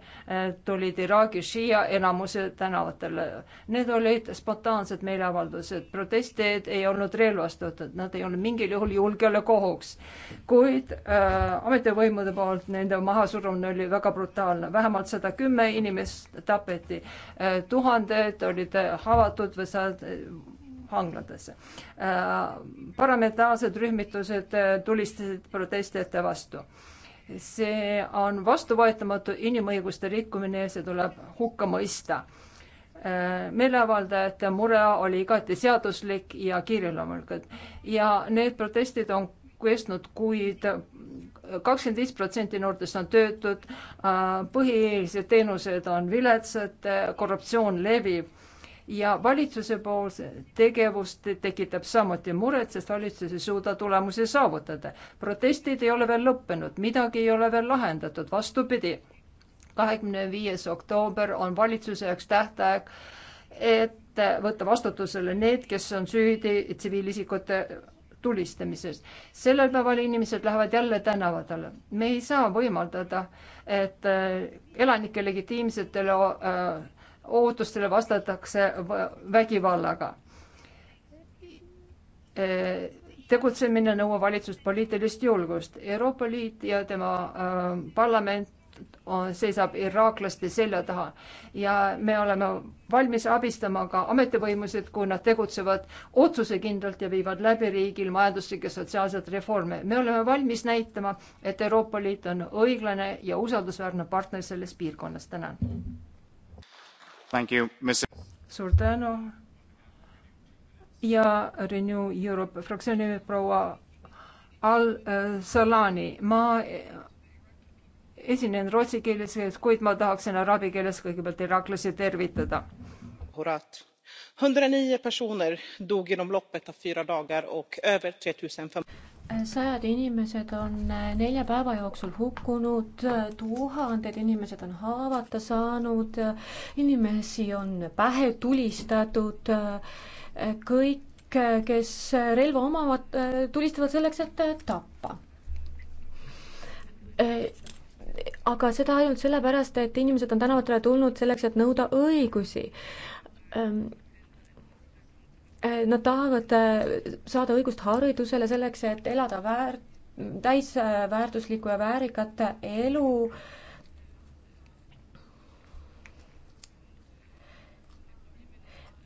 Speaker 3: tulid Iraagi Shia enamuse tänavatele. Need olid spontaansed meeleavaldused, protestijad ei olnud relvastatud, nad ei olnud mingil juhul julgeolekuohuks. kuid äh, ametivõimude poolt nende mahasurumine oli väga brutaalne, vähemalt sada kümme inimest tapeti äh,, tuhanded olid haavatud või saad vanglatesse äh,. paramilitaarsed rühmitused äh, tulistasid protestijate vastu äh, see on vastuvõetamatu inimõiguste rikkumine ja see tuleb hukka mõista. Äh, meeleavaldajate mure oli igati seaduslik ja kiireloomulikult ja need protestid on kestnud kuid, kakskümmend viis protsenti noortest on töötud, äh, põhilised teenused on viletsad, korruptsioon levib ja valitsuse poolse tegevus tekitab samuti muret, sest valitsus ei suuda tulemusi saavutada. protestid ei ole veel lõppenud, midagi ei ole veel lahendatud, vastupidi. kahekümne viies oktoober on valitsuse jaoks tähtaeg, et võtta vastutusele need, kes on süüdi tsiviilisikute tulistamises. sellel päeval inimesed lähevad jälle tänavatele. me ei saa võimaldada, et äh, elanike legitiimsetele äh, ootustele vastatakse vägivallaga. tegutsemine nõuab valitsust poliitilist julgust. Euroopa Liit ja tema äh, parlament on, seisab iraaklaste selja taha ja me oleme valmis abistama ka ametivõimusid, kui nad tegutsevad otsusekindlalt ja viivad läbi riigil majanduslikke sotsiaalseid reforme. me oleme valmis näitama, et Euroopa Liit on õiglane ja usaldusväärne partner selles piirkonnas. tänan suur tänu ja Renew Europe fraktsiooni nimel proua Al-Salani, äh, ma esinen rootsi keeles, kuid ma tahaksin araabia keeles kõigepealt iraaklasi tervitada. 109 personer dog inom loppet av fyra dagar och över 3500
Speaker 2: sajad inimesed on eh, nelja päeva jooksul hukkunud, tuhanded inimesed on haavata saanud, inimesi on pähe tulistatud, kõik kõik, eh, kes relva omavad, eh, tulistavad selleks, et tappa. aga seda ainult sellepärast, et inimesed on tänavatele tulnud selleks, et nõuda õigusi. Ehm, Äh, nad tahavad äh, saada õigust haridusele selleks, et elada väär-, täisväärtuslikku äh, ja väärikat elu.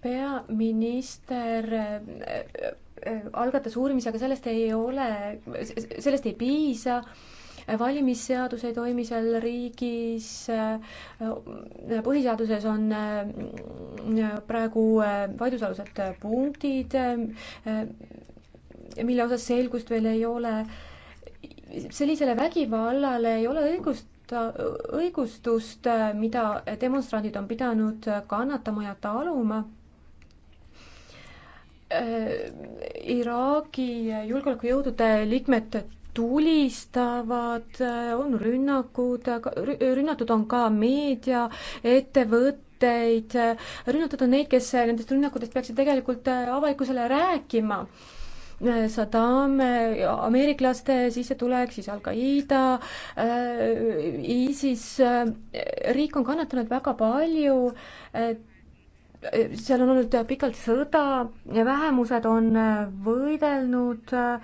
Speaker 2: peaminister algatas uurimise, aga sellest ei ole, sellest ei piisa valimisseadus ei toimi seal riigis, äh, põhiseaduses on äh, praegu äh, vaidlusalused punktid, mille osas selgust veel ei ole. sellisele vägivallale ei ole õigust õigustust, mida demonstrandid on pidanud kannatama ja taluma Iraagi julgeolekujõudude liikmed tulistavad, on rünnakud, rünnatud on ka meediaettevõtteid, rünnatud on neid, kes nendest rünnakutest peaksid tegelikult avalikkusele rääkima. Saddam, ameeriklaste sissetulek, siis Al-Qaeda, ISIS, riik on kannatanud väga palju seal on olnud pikalt sõda ja vähemused on võidelnud äh,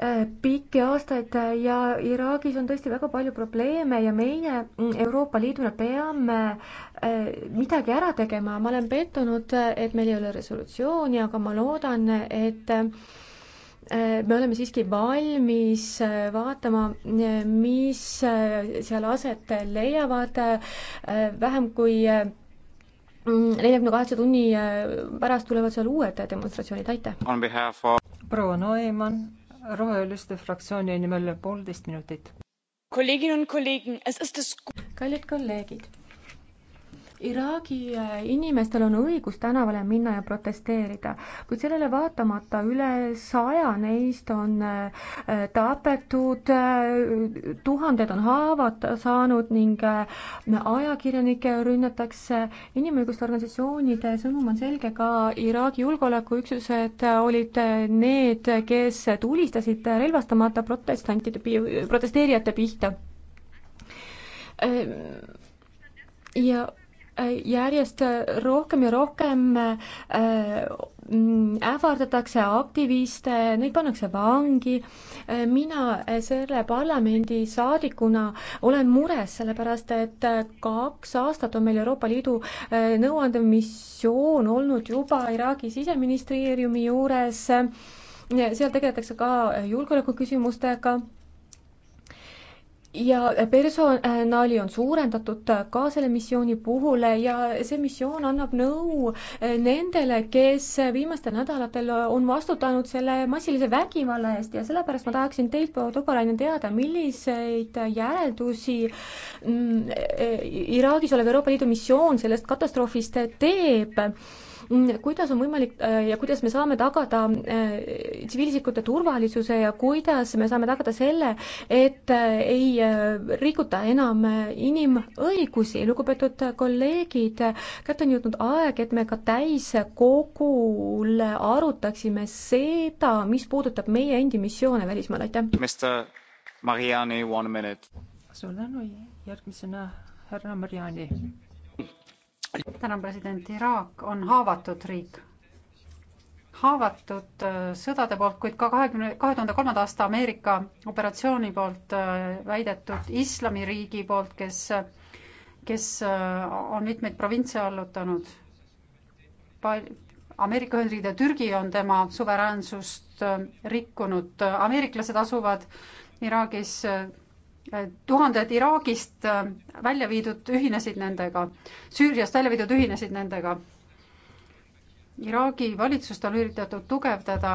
Speaker 2: Äh, pikki aastaid ja Iraagis on tõesti väga palju probleeme ja meie mm, Euroopa Liiduna peame äh, midagi ära tegema. ma olen pettunud, et meil ei ole resolutsiooni, aga ma loodan, et äh, me oleme siiski valmis vaatama, mis seal aset leiavad vähem kui mm, neljakümne kaheksa tunni
Speaker 3: pärast tulevad seal uued demonstratsioonid, aitäh! proua Neumann roheliste fraktsiooni nimel poolteist minutit. kallid kolleegid Iraagi äh, inimestel on õigus
Speaker 2: tänavale minna ja protesteerida, kuid sellele vaatamata üle saja neist on äh, tapetud, äh, tuhanded on haavad saanud ning ajakirjanikke rünnatakse. inimõiguste organisatsioonide sõnum on selge, ka Iraagi julgeolekuüksused olid need, kes tulistasid relvastamata protestantide, protesteerijate pihta ja järjest rohkem ja rohkem äh, mm, ähvardatakse aktiviste, neid pannakse vangi. Äh, mina selle parlamendi saadikuna olen mures, sellepärast et äh, kaks aastat on meil Euroopa Liidu nõuandemissioon olnud juba Iraagi siseministeeriumi juures. seal tegeletakse ka julgeolekuküsimustega ja personali on suurendatud ka selle missiooni puhul ja see missioon annab nõu nendele, kes viimastel nädalatel on vastutanud selle massilise vägivalla eest ja sellepärast ma tahaksin teilt, proua Topalainen, teada, milliseid järeldusi mm, e, e, Iraagis olev Euroopa Liidu missioon sellest katastroofist teeb Mm, kuidas on võimalik äh, ja kuidas me saame tagada äh, tsiviilisikute turvalisuse ja kuidas me saame tagada selle, et äh, ei rikuta enam inimõigusi, lugupeetud kolleegid, kätte on jõudnud aeg, et me ka täiskogul arutaksime seda, mis puudutab meie endi
Speaker 1: missioone välismaal, aitäh. Mariani, one minute. suur tänu, järgmisena härra Mariani tänan, president, Iraak on haavatud riik haavatud äh, sõdade poolt, kuid ka kahekümne, kahe tuhande kolmanda aasta Ameerika operatsiooni poolt äh, väidetud islamiriigi poolt, kes, kes äh, on mitmeid provintse allutanud. Ameerika Ühendriigid ja Türgi on tema suveräänsust rikkunud, ameeriklased asuvad Iraagis tuhanded Iraagist äh, välja viidud ühinesid nendega, Süüriast välja viidud ühinesid nendega. Iraagi valitsust on üritatud tugevdada,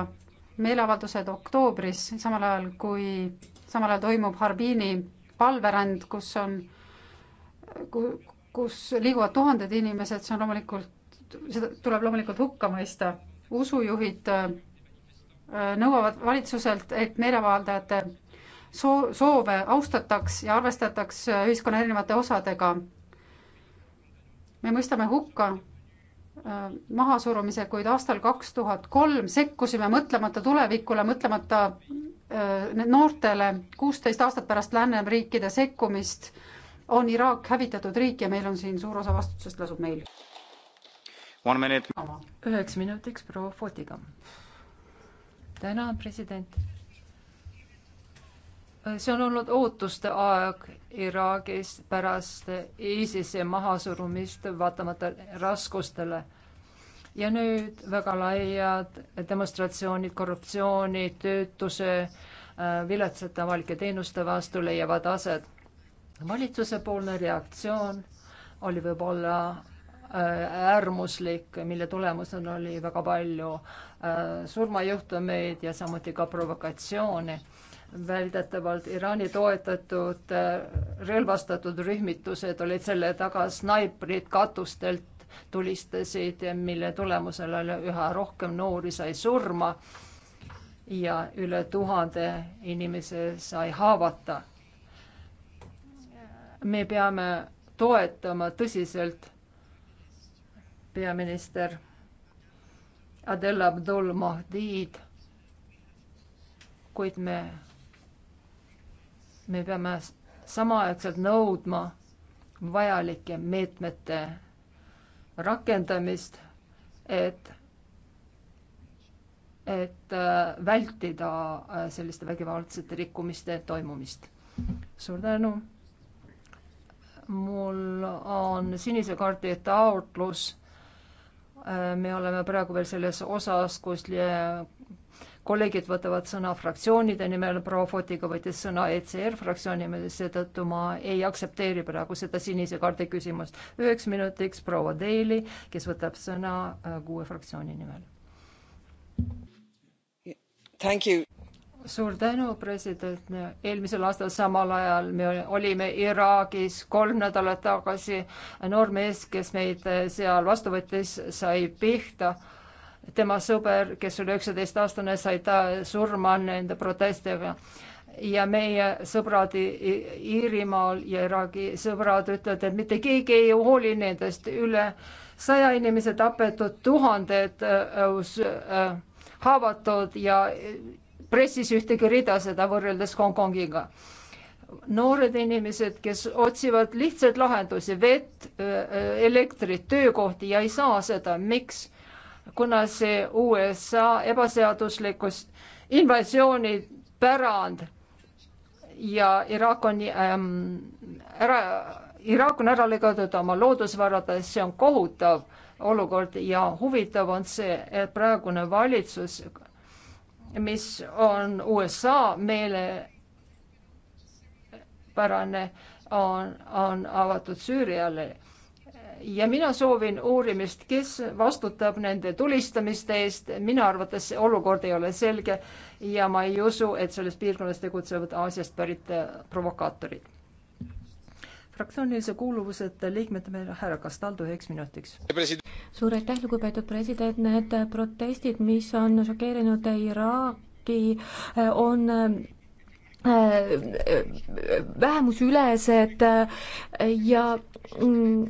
Speaker 1: meeleavaldused oktoobris, samal ajal kui, samal ajal toimub Harbini palveränd, kus on, kus liiguvad tuhanded inimesed, see on loomulikult, seda tuleb loomulikult hukka mõista. usujuhid äh, nõuavad valitsuselt, et meeleavaldajate soo-, soove austataks ja arvestataks ühiskonna erinevate osadega. me mõistame hukka äh, mahasurumise, kuid aastal kaks tuhat kolm sekkusime mõtlemata tulevikule, mõtlemata äh, noortele, kuusteist aastat pärast lääneriikide sekkumist on Iraak hävitatud riik ja meil on siin suur osa vastutusest lasub meil.
Speaker 3: üheks minutiks proua Fotiga. tänan, president see on olnud ootuste aeg Iraagis pärast ISISe mahasurumist, vaatamata raskustele. ja nüüd väga laiad demonstratsioonid korruptsiooni, töötuse, äh, viletsate avalike teenuste vastu leiavad aset. valitsusepoolne reaktsioon oli võib-olla äh, äärmuslik, mille tulemusel oli väga palju äh, surmajuhtumeid ja samuti ka provokatsioone väidetavalt Iraani toetatud äh, relvastatud rühmitused olid selle taga, snaiprid katustelt tulistasid, mille tulemusel üha rohkem noori sai surma ja üle tuhande inimese sai haavata. me peame toetama tõsiselt peaminister Adel Abdul Mahdid, kuid me me peame samaaegselt nõudma vajalike meetmete rakendamist, et, et äh, vältida äh, selliste vägivaldsete rikkumiste toimumist. suur tänu. mul on sinise kaardi taotlus. Äh, me oleme praegu veel selles osas, kus kolleegid võtavad sõna fraktsioonide nimel, proua Fotiga võttis sõna ECR fraktsiooni nimel, seetõttu ma ei aktsepteeri praegu seda sinise kaardi küsimust. üheks minutiks proua Daly, kes võtab sõna äh, kuue fraktsiooni nimel. suur tänu, president. eelmisel aastal samal ajal me olime Iraagis kolm nädalat tagasi. noor mees, kes meid äh, seal vastu võttis, sai pihta tema sõber, kes oli üheksateistaastane, sai ta surma nende protestidega ja meie sõbrad Iirimaal ja Iraagi sõbrad ütlevad, et mitte keegi ei hooli nendest, üle saja inimese tapetud, tuhanded äh, äh haavatud ja pressis ühtegi rida seda võrreldes Hongkongiga. noored inimesed, kes otsivad lihtsaid lahendusi, vett, äh, äh, elektrit, töökohti ja ei saa seda, miks? kuna see USA ebaseaduslikust invasiooni pärand ja Iraak on ähm, ära, Iraak on ära lõigatud oma loodusvarades, see on kohutav olukord ja huvitav on see, et praegune valitsus, mis on USA meelepärane, on, on avatud Süüriale ja mina soovin uurimist, kes vastutab nende tulistamiste eest, minu arvates see olukord ei ole selge ja ma ei usu, et selles piirkonnas tegutsevad Aasiast pärit äh, provokaatorid. fraktsioonilise kuuluvuseta liikmete meil härra Castaldo üheks minutiks. suur aitäh, lugupeetud
Speaker 2: president, need protestid, mis on šokeerinud Iraaki, on äh, äh, vähemusülesed ja mm,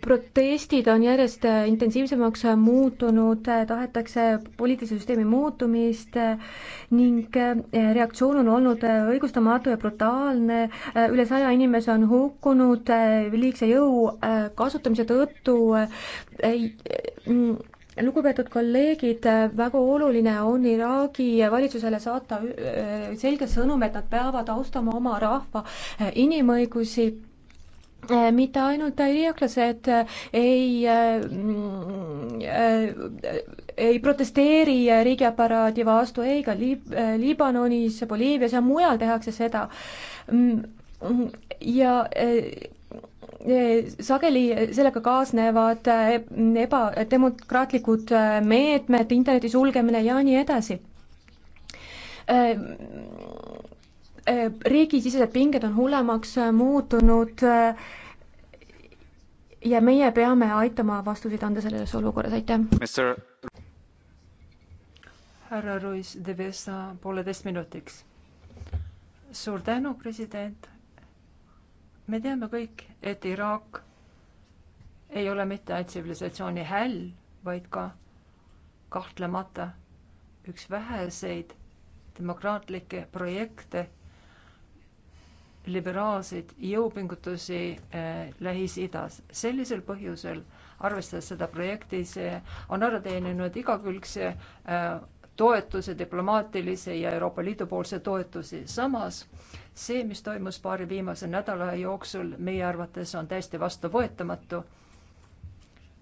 Speaker 2: protestid on järjest intensiivsemaks muutunud, tahetakse poliitilise süsteemi muutumist ning reaktsioon on olnud õigustamatu ja brutaalne, üle saja inimese on hukkunud liigse jõu kasutamise tõttu, mm, lugupeetud kolleegid, väga oluline on Iraagi valitsusele saata selge sõnum, et nad peavad austama oma rahva inimõigusi Äh, mitte ainult iraaklased äh, ei äh,, äh, ei protesteeri riigiaparaadi vastu, ei ka Liib-, äh, Liibanonis, Boliivias ja mujal tehakse seda. Mm, ja äh, sageli sellega kaasnevad ebademokraatlikud meetmed, interneti sulgemine ja nii edasi Äh, riigisisesed pinged on hullemaks äh, muutunud äh, ja meie peame aitama vastuseid anda selles olukorras, aitäh
Speaker 3: Mister.... härra Ruiz de Vesa pooleteist minutiks. suur tänu, president. me teame kõik, et Iraak ei ole mitte ainult tsivilisatsiooni häll, vaid ka kahtlemata üks väheseid demokraatlikke projekte liberaalseid jõupingutusi eh, Lähis-Idas. sellisel põhjusel, arvestades seda projekti, see on ära teeninud igakülgse eh, toetuse, diplomaatilise ja Euroopa Liidu poolse toetusi. samas see, mis toimus paari viimase nädala jooksul, meie arvates on täiesti vastuvõetamatu.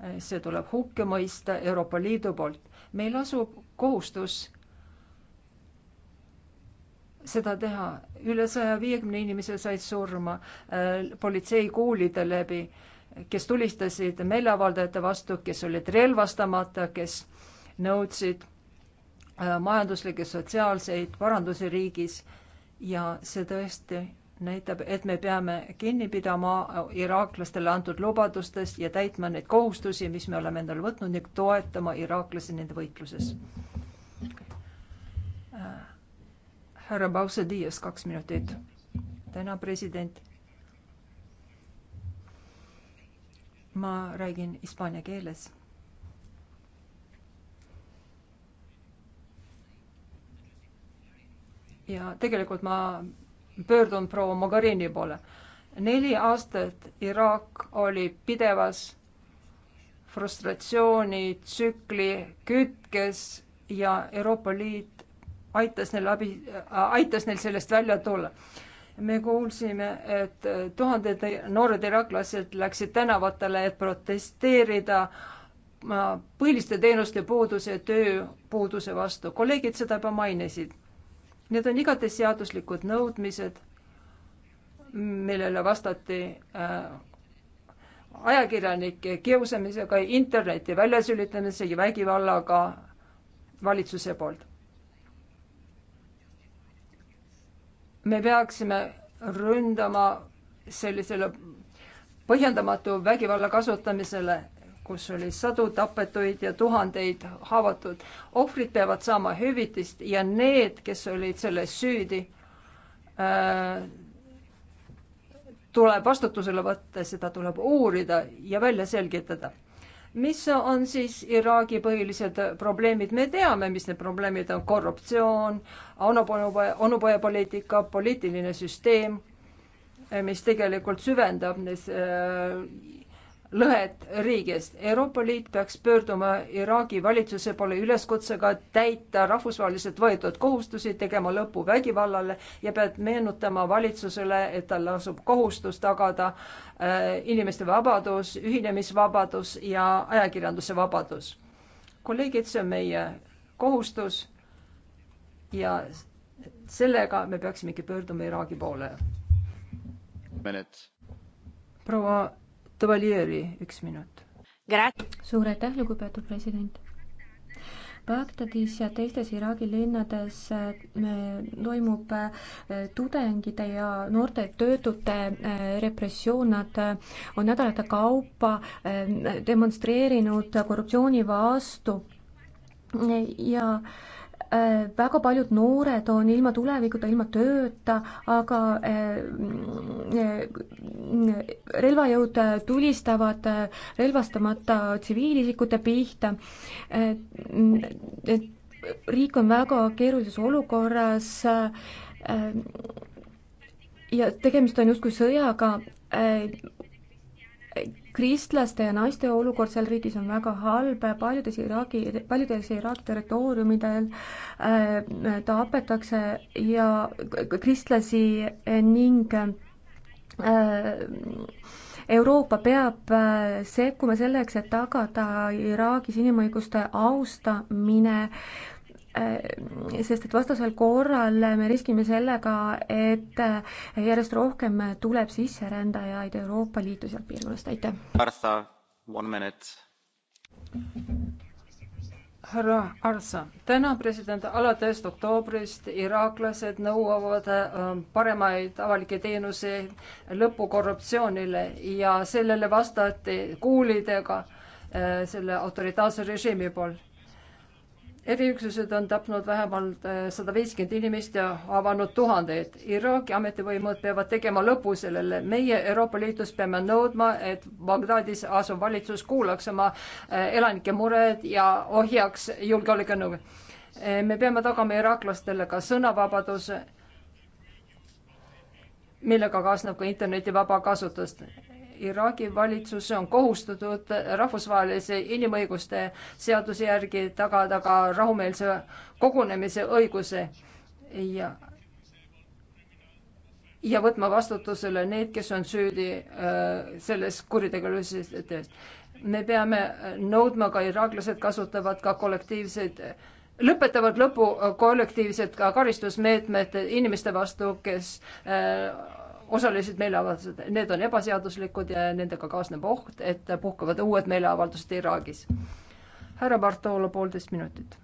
Speaker 3: Eh, see tuleb hukka mõista Euroopa Liidu poolt. meil asub kohustus seda teha. üle saja viiekümne inimese said surma äh, politseikoolide läbi, kes tulistasid meeleavaldajate vastu, kes olid relvastamata, kes nõudsid äh, majanduslikke, sotsiaalseid parandusi riigis ja see tõesti näitab, et me peame kinni pidama äh, iraaklastele antud lubadustest ja täitma neid kohustusi, mis me oleme endale võtnud ning toetama iraaklasi nende võitluses härra Bausedias, kaks minutit. täna president. ma räägin hispaania keeles. ja tegelikult ma pöördun proua Mogherini poole. neli aastat Iraak oli pidevas frustratsioonitsükli kütkes ja Euroopa Liit aitas neil abi, aitas neil sellest välja tulla. me kuulsime, et tuhanded noored iraaklased läksid tänavatele, et protesteerida põhiliste teenuste puuduse, tööpuuduse vastu. kolleegid seda juba mainisid. Need on igati seaduslikud nõudmised, millele vastati äh, ajakirjanike kiusamisega, interneti väljasülitamisega, vägivallaga valitsuse poolt me peaksime ründama sellisele põhjendamatu vägivalla kasutamisele, kus oli sadu tapetuid ja tuhandeid haavatud. ohvrid peavad saama hüvitist ja need, kes olid selles süüdi äh,, tuleb vastutusele võtta, seda tuleb uurida ja välja selgitada mis on siis Iraagi põhilised probleemid, me teame, mis need probleemid on, korruptsioon, onupoja, onupojapoliitika, poliitiline süsteem, mis tegelikult süvendab neis äh, lõhet riigist. Euroopa Liit peaks pöörduma Iraagi valitsuse poole üleskutsega täita rahvusvaheliselt võetud kohustusi, tegema lõpu vägivallale ja peab meenutama valitsusele, et tal lasub kohustus tagada äh, inimeste vabadus, ühinemisvabadus ja ajakirjanduse vabadus. kolleegid, see on meie kohustus ja sellega me peaksimegi pöörduma Iraagi poole. proua Tavalieri, üks minut. suur aitäh,
Speaker 2: lugupeetud president Bagdadis ja teistes Iraagi linnades äh, toimub äh, tudengide ja noorte töötute äh, repressioon, nad on nädalate kaupa demonstreerinud korruptsiooni vastu ja Äh, väga paljud noored on ilma tulevikuta, ilma tööta, aga äh, äh, relvajõud tulistavad relvastamata tsiviilisikute pihta. riik on väga keerulises olukorras ja tegemist on justkui sõjaga kristlaste ja naiste olukord seal riigis on väga halb, paljudes Iraagi, paljudes Iraagi territooriumidel äh, tapetakse ja kristlasi äh, ning äh, Euroopa peab äh, sekkuma selleks, et tagada Iraagis inimõiguste austamine Äh, sest et vastasel korral me riskime sellega, et äh, järjest rohkem tuleb sisserändajaid
Speaker 3: Euroopa Liitu sealt piirkonnast, aitäh.
Speaker 1: Arsa, one minute.
Speaker 3: härra Arsa, täna president, alates oktoobrist iraaklased nõuavad ähm, paremaid avalikke teenuseid, lõppu korruptsioonile ja sellele vastati kuulidega äh, selle autoritaarse režiimi poolt eriüksused on tapnud vähemalt eh, sada viiskümmend inimest ja avanud tuhandeid. Iraagi ametivõimud peavad tegema lõpu sellele. meie Euroopa Liidus peame nõudma, et Bagdadis asuv valitsus kuulaks oma eh, elanike mured ja ohjaks julgeolekunõu. Eh, me peame tagama iraaklastele ka sõnavabaduse, millega kaasneb ka internetivaba kasutust Iraagi valitsus on kohustatud rahvusvahelise inimõiguste seaduse järgi tagada ka rahumeelse kogunemise õiguse ja ja võtma vastutusele need, kes on süüdi äh, selles kuritegevuses. me peame nõudma ka iraaklased kasutavad ka kollektiivseid, lõpetavad lõpu kollektiivsed ka karistusmeetmed inimeste vastu, kes äh, osalesid meeleavaldused, need on ebaseaduslikud ja nendega kaasneb oht, et puhkevad uued meeleavaldused Iraagis. härra Bartolo, poolteist minutit.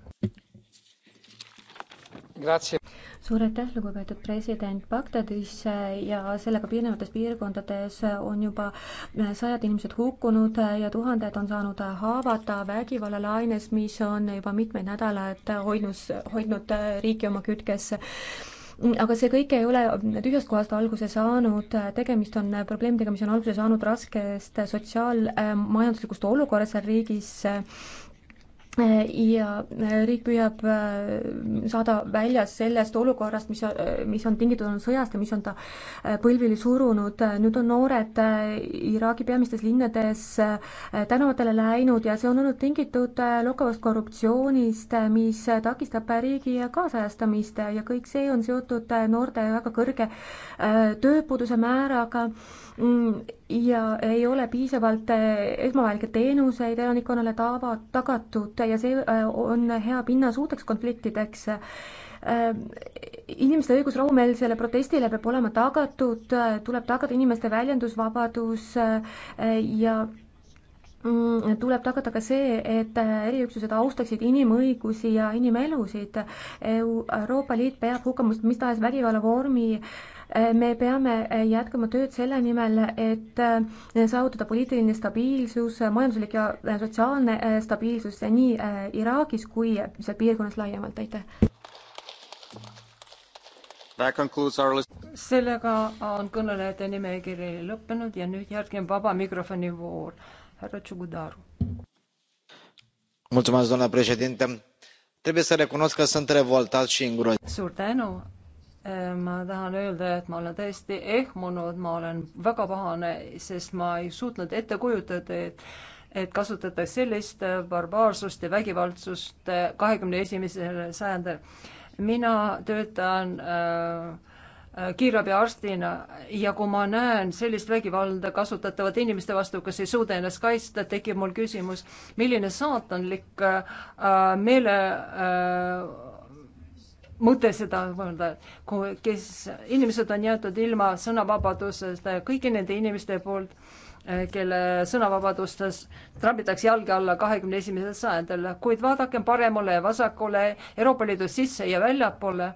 Speaker 2: suur aitäh, lugupeetud president, Bagdadis ja sellega piirnevates piirkondades on juba sajad inimesed hukkunud ja tuhanded on saanud haavata vägivallalaines, mis on juba mitmeid nädalaid hoidnud, hoidnud riiki oma kütkes aga see kõik ei ole tühjast kohast alguse saanud, tegemist on probleemidega, mis on alguse saanud raskest sotsiaalmajanduslikust olukorrast seal riigis ja riik püüab äh, saada välja sellest olukorrast, mis, äh, mis on tingitud olnud sõjast ja mis on ta äh, põlvili surunud. nüüd on noored Iraagi peamistes linnades tänavatele läinud ja see on olnud tingitud lokkavast korruptsioonist, mis takistab riigi kaasajastamist ja kõik see on seotud noorte väga kõrge tööpuuduse määraga Mm, ja ei ole piisavalt äh, esmavajalikke teenuseid elanikkonnale tava, tagatud ja see äh, on hea pinnas uuteks konfliktideks. Äh, inimeste õigus rahumeelsele protestile peab olema tagatud, tuleb tagada inimeste väljendusvabadus ja mm, tuleb tagada ka see, et eriüksused austaksid inimõigusi ja inimelusid. Euroopa Liit peab hukkamust mis tahes vägivallavormi me peame äh, jätkama tööd selle nimel, et äh, saavutada poliitiline stabiilsus, majanduslik ja äh, sotsiaalne stabiilsus nii Iraagis kui seal piirkonnas laiemalt, aitäh!
Speaker 3: sellega on kõnelejate nimekiri lõppenud ja nüüd järgneb vaba mikrofoni voor. härra Tšugudaru. doamnă președintă trebuie să recunosc că sunt revoltat și îngrozit. suur tänu, Äh, ma tahan öelda, et ma olen täiesti ehmunud, ma olen väga pahane, sest ma ei suutnud ette kujutada, et et kasutatakse sellist barbaarsust ja vägivaldsust kahekümne esimesel sajandil. mina töötan äh, äh kiirabiarstina ja kui ma näen sellist vägivalda kasutatavate inimeste vastu, kes ei suuda ennast kaitsta, tekib mul küsimus, milline saatanlik äh, äh meele äh, mõte seda mõelda, kes, inimesed on jäetud ilma sõnavabadusest, kõigi nende inimeste poolt, eh, kelle sõnavabadustes trambitakse jalge alla kahekümne esimesel sajandil, kuid vaadakem paremale ja vasakule, Euroopa Liidu sisse ja väljapoole,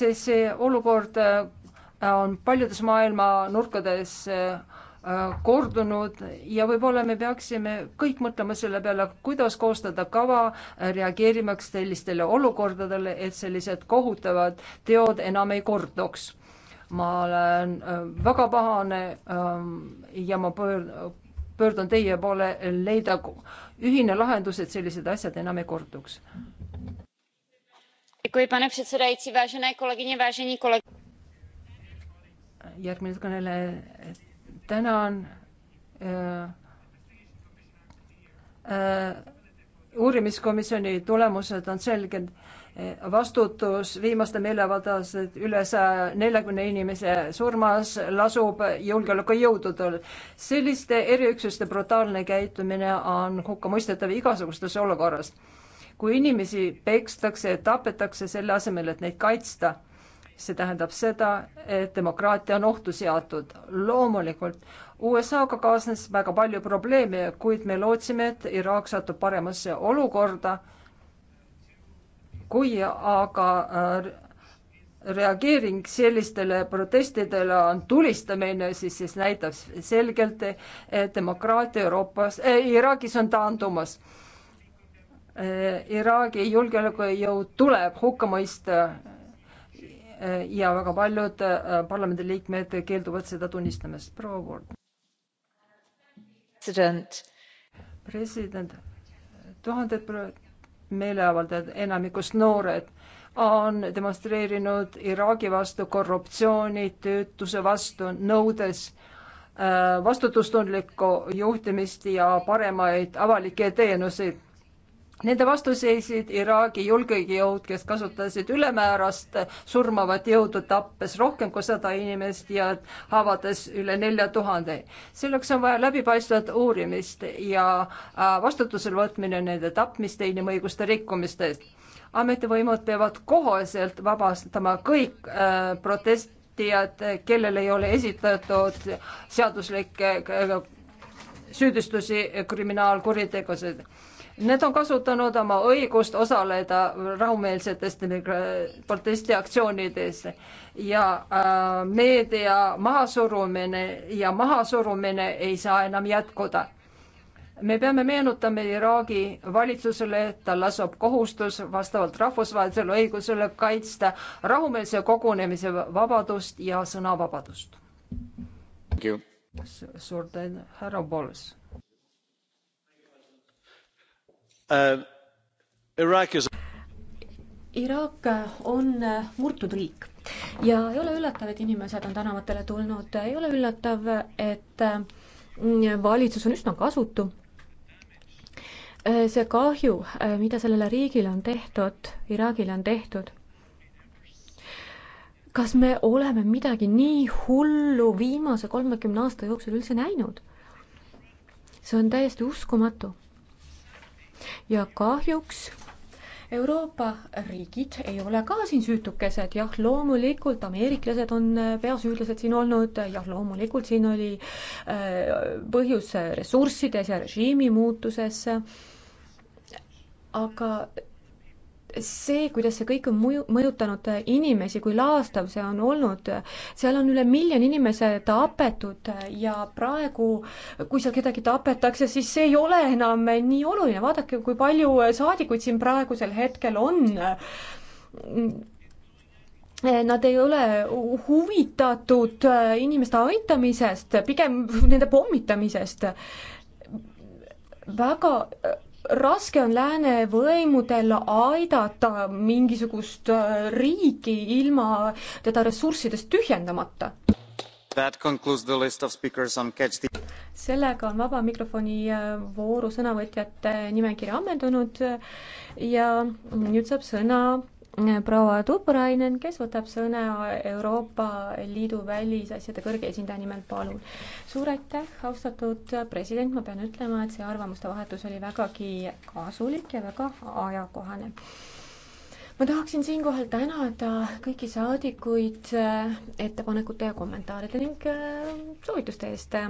Speaker 3: sest see olukord eh, on paljudes maailma nurkades äh, Äh, kordunud ja võib-olla me peaksime kõik mõtlema selle peale, kuidas koostada kava äh, reageerimaks sellistele olukordadele, et sellised kohutavad teod enam ei korduks. ma olen äh, väga pahane ähm, ja ma pöör-, pöördun teie poole leida ühine lahendus, et sellised asjad enam ei korduks. järgmine kõneleja tänan äh, äh, uurimiskomisjoni tulemused on selged vastutus viimaste meeleavaldused üle saja neljakümne inimese surmas lasub julgeolekujõududel. selliste eriüksuste brutaalne käitumine on hukkamõistetav igasugustes olukorras. kui inimesi pekstakse, tapetakse selle asemel, et neid kaitsta see tähendab seda, et demokraatia on ohtu seatud. loomulikult USA-ga kaasnes väga palju probleeme, kuid me lootsime, et Iraak satub paremasse olukorda. kui aga äh, reageering sellistele protestidele on tulistamine, siis, siis näitab selgelt, et demokraatia Euroopas eh,, Iraagis on taandumas eh,. Iraagi julgeolekujõud tuleb hukka mõista Eh, ja väga paljud eh, parlamendiliikmed keelduvad seda tunnistamast. proua Ward. president. president, tuhanded meeleavaldajad, enamikus noored, on demonstreerinud Iraagi vastu korruptsiooni, töötuse vastu, nõudes eh, vastutustundlikku juhtimist ja paremaid avalikke teenuseid Nende vastu seisid Iraagi julgeolekujõud, kes kasutasid ülemäärast surmavat jõudu, tappes rohkem kui sada inimest ja haavades üle nelja tuhande. selleks on vaja läbipaistvat uurimist ja äh, vastutusele võtmine nende tapmiste ja inimõiguste rikkumiste eest. ametivõimud peavad koheselt vabastama kõik äh, protestijad, kellel ei ole esitatud seaduslikke äh, süüdistusi kriminaalkuritegusid äh, Need on kasutanud oma õigust osaleda rahumeelsetes protestiaktsioonides ja äh, meedia mahasurumine ja mahasurumine ei saa enam jätkuda me peame meenutama Iraagi valitsusele, et tal lasub kohustus vastavalt rahvusvahelisele õigusele kaitsta rahumeelse kogunemise vabadust ja sõnavabadust. suur tänu, härra Pools Uh, Iraak is... Iraak on uh, murtud
Speaker 2: riik ja ei ole üllatav, et inimesed on tänavatele tulnud, ei ole üllatav, et uh, valitsus on üsna kasutu. see kahju, mida sellele riigile on tehtud, Iraagile on tehtud, kas me oleme midagi nii hullu viimase kolmekümne aasta jooksul üldse näinud? see on täiesti uskumatu ja kahjuks Euroopa riigid ei ole ka siin süütukesed, jah, loomulikult ameeriklased on äh, peasüüdlased siin olnud, jah, loomulikult siin oli äh, põhjus ressurssides ja režiimi muutuses, aga see, kuidas see kõik on mõju, mõjutanud äh, inimesi, kui laastav see on olnud, seal on üle miljoni inimese tapetud äh, ja praegu, kui seal kedagi tapetakse, siis see ei ole enam äh, nii oluline, vaadake, kui palju saadikuid siin praegusel hetkel on. Nad ei ole huvitatud inimeste aitamisest, pigem nende pommitamisest. väga raske on lääne võimudel aidata mingisugust äh, riiki ilma teda ressurssidest tühjendamata. sellega on vaba mikrofoni äh, vooru sõnavõtjate nimekiri ammendunud ja nüüd saab sõna Äh, proua Tuppurainen, kes võtab sõna Euroopa Liidu välisasjade kõrge esindaja nimel, palun. suur aitäh, austatud president, ma pean ütlema, et see arvamuste vahetus oli vägagi kasulik ja väga ajakohane. ma tahaksin siinkohal tänada kõiki saadikuid äh, ettepanekute ja kommentaaride ning äh, soovituste eest.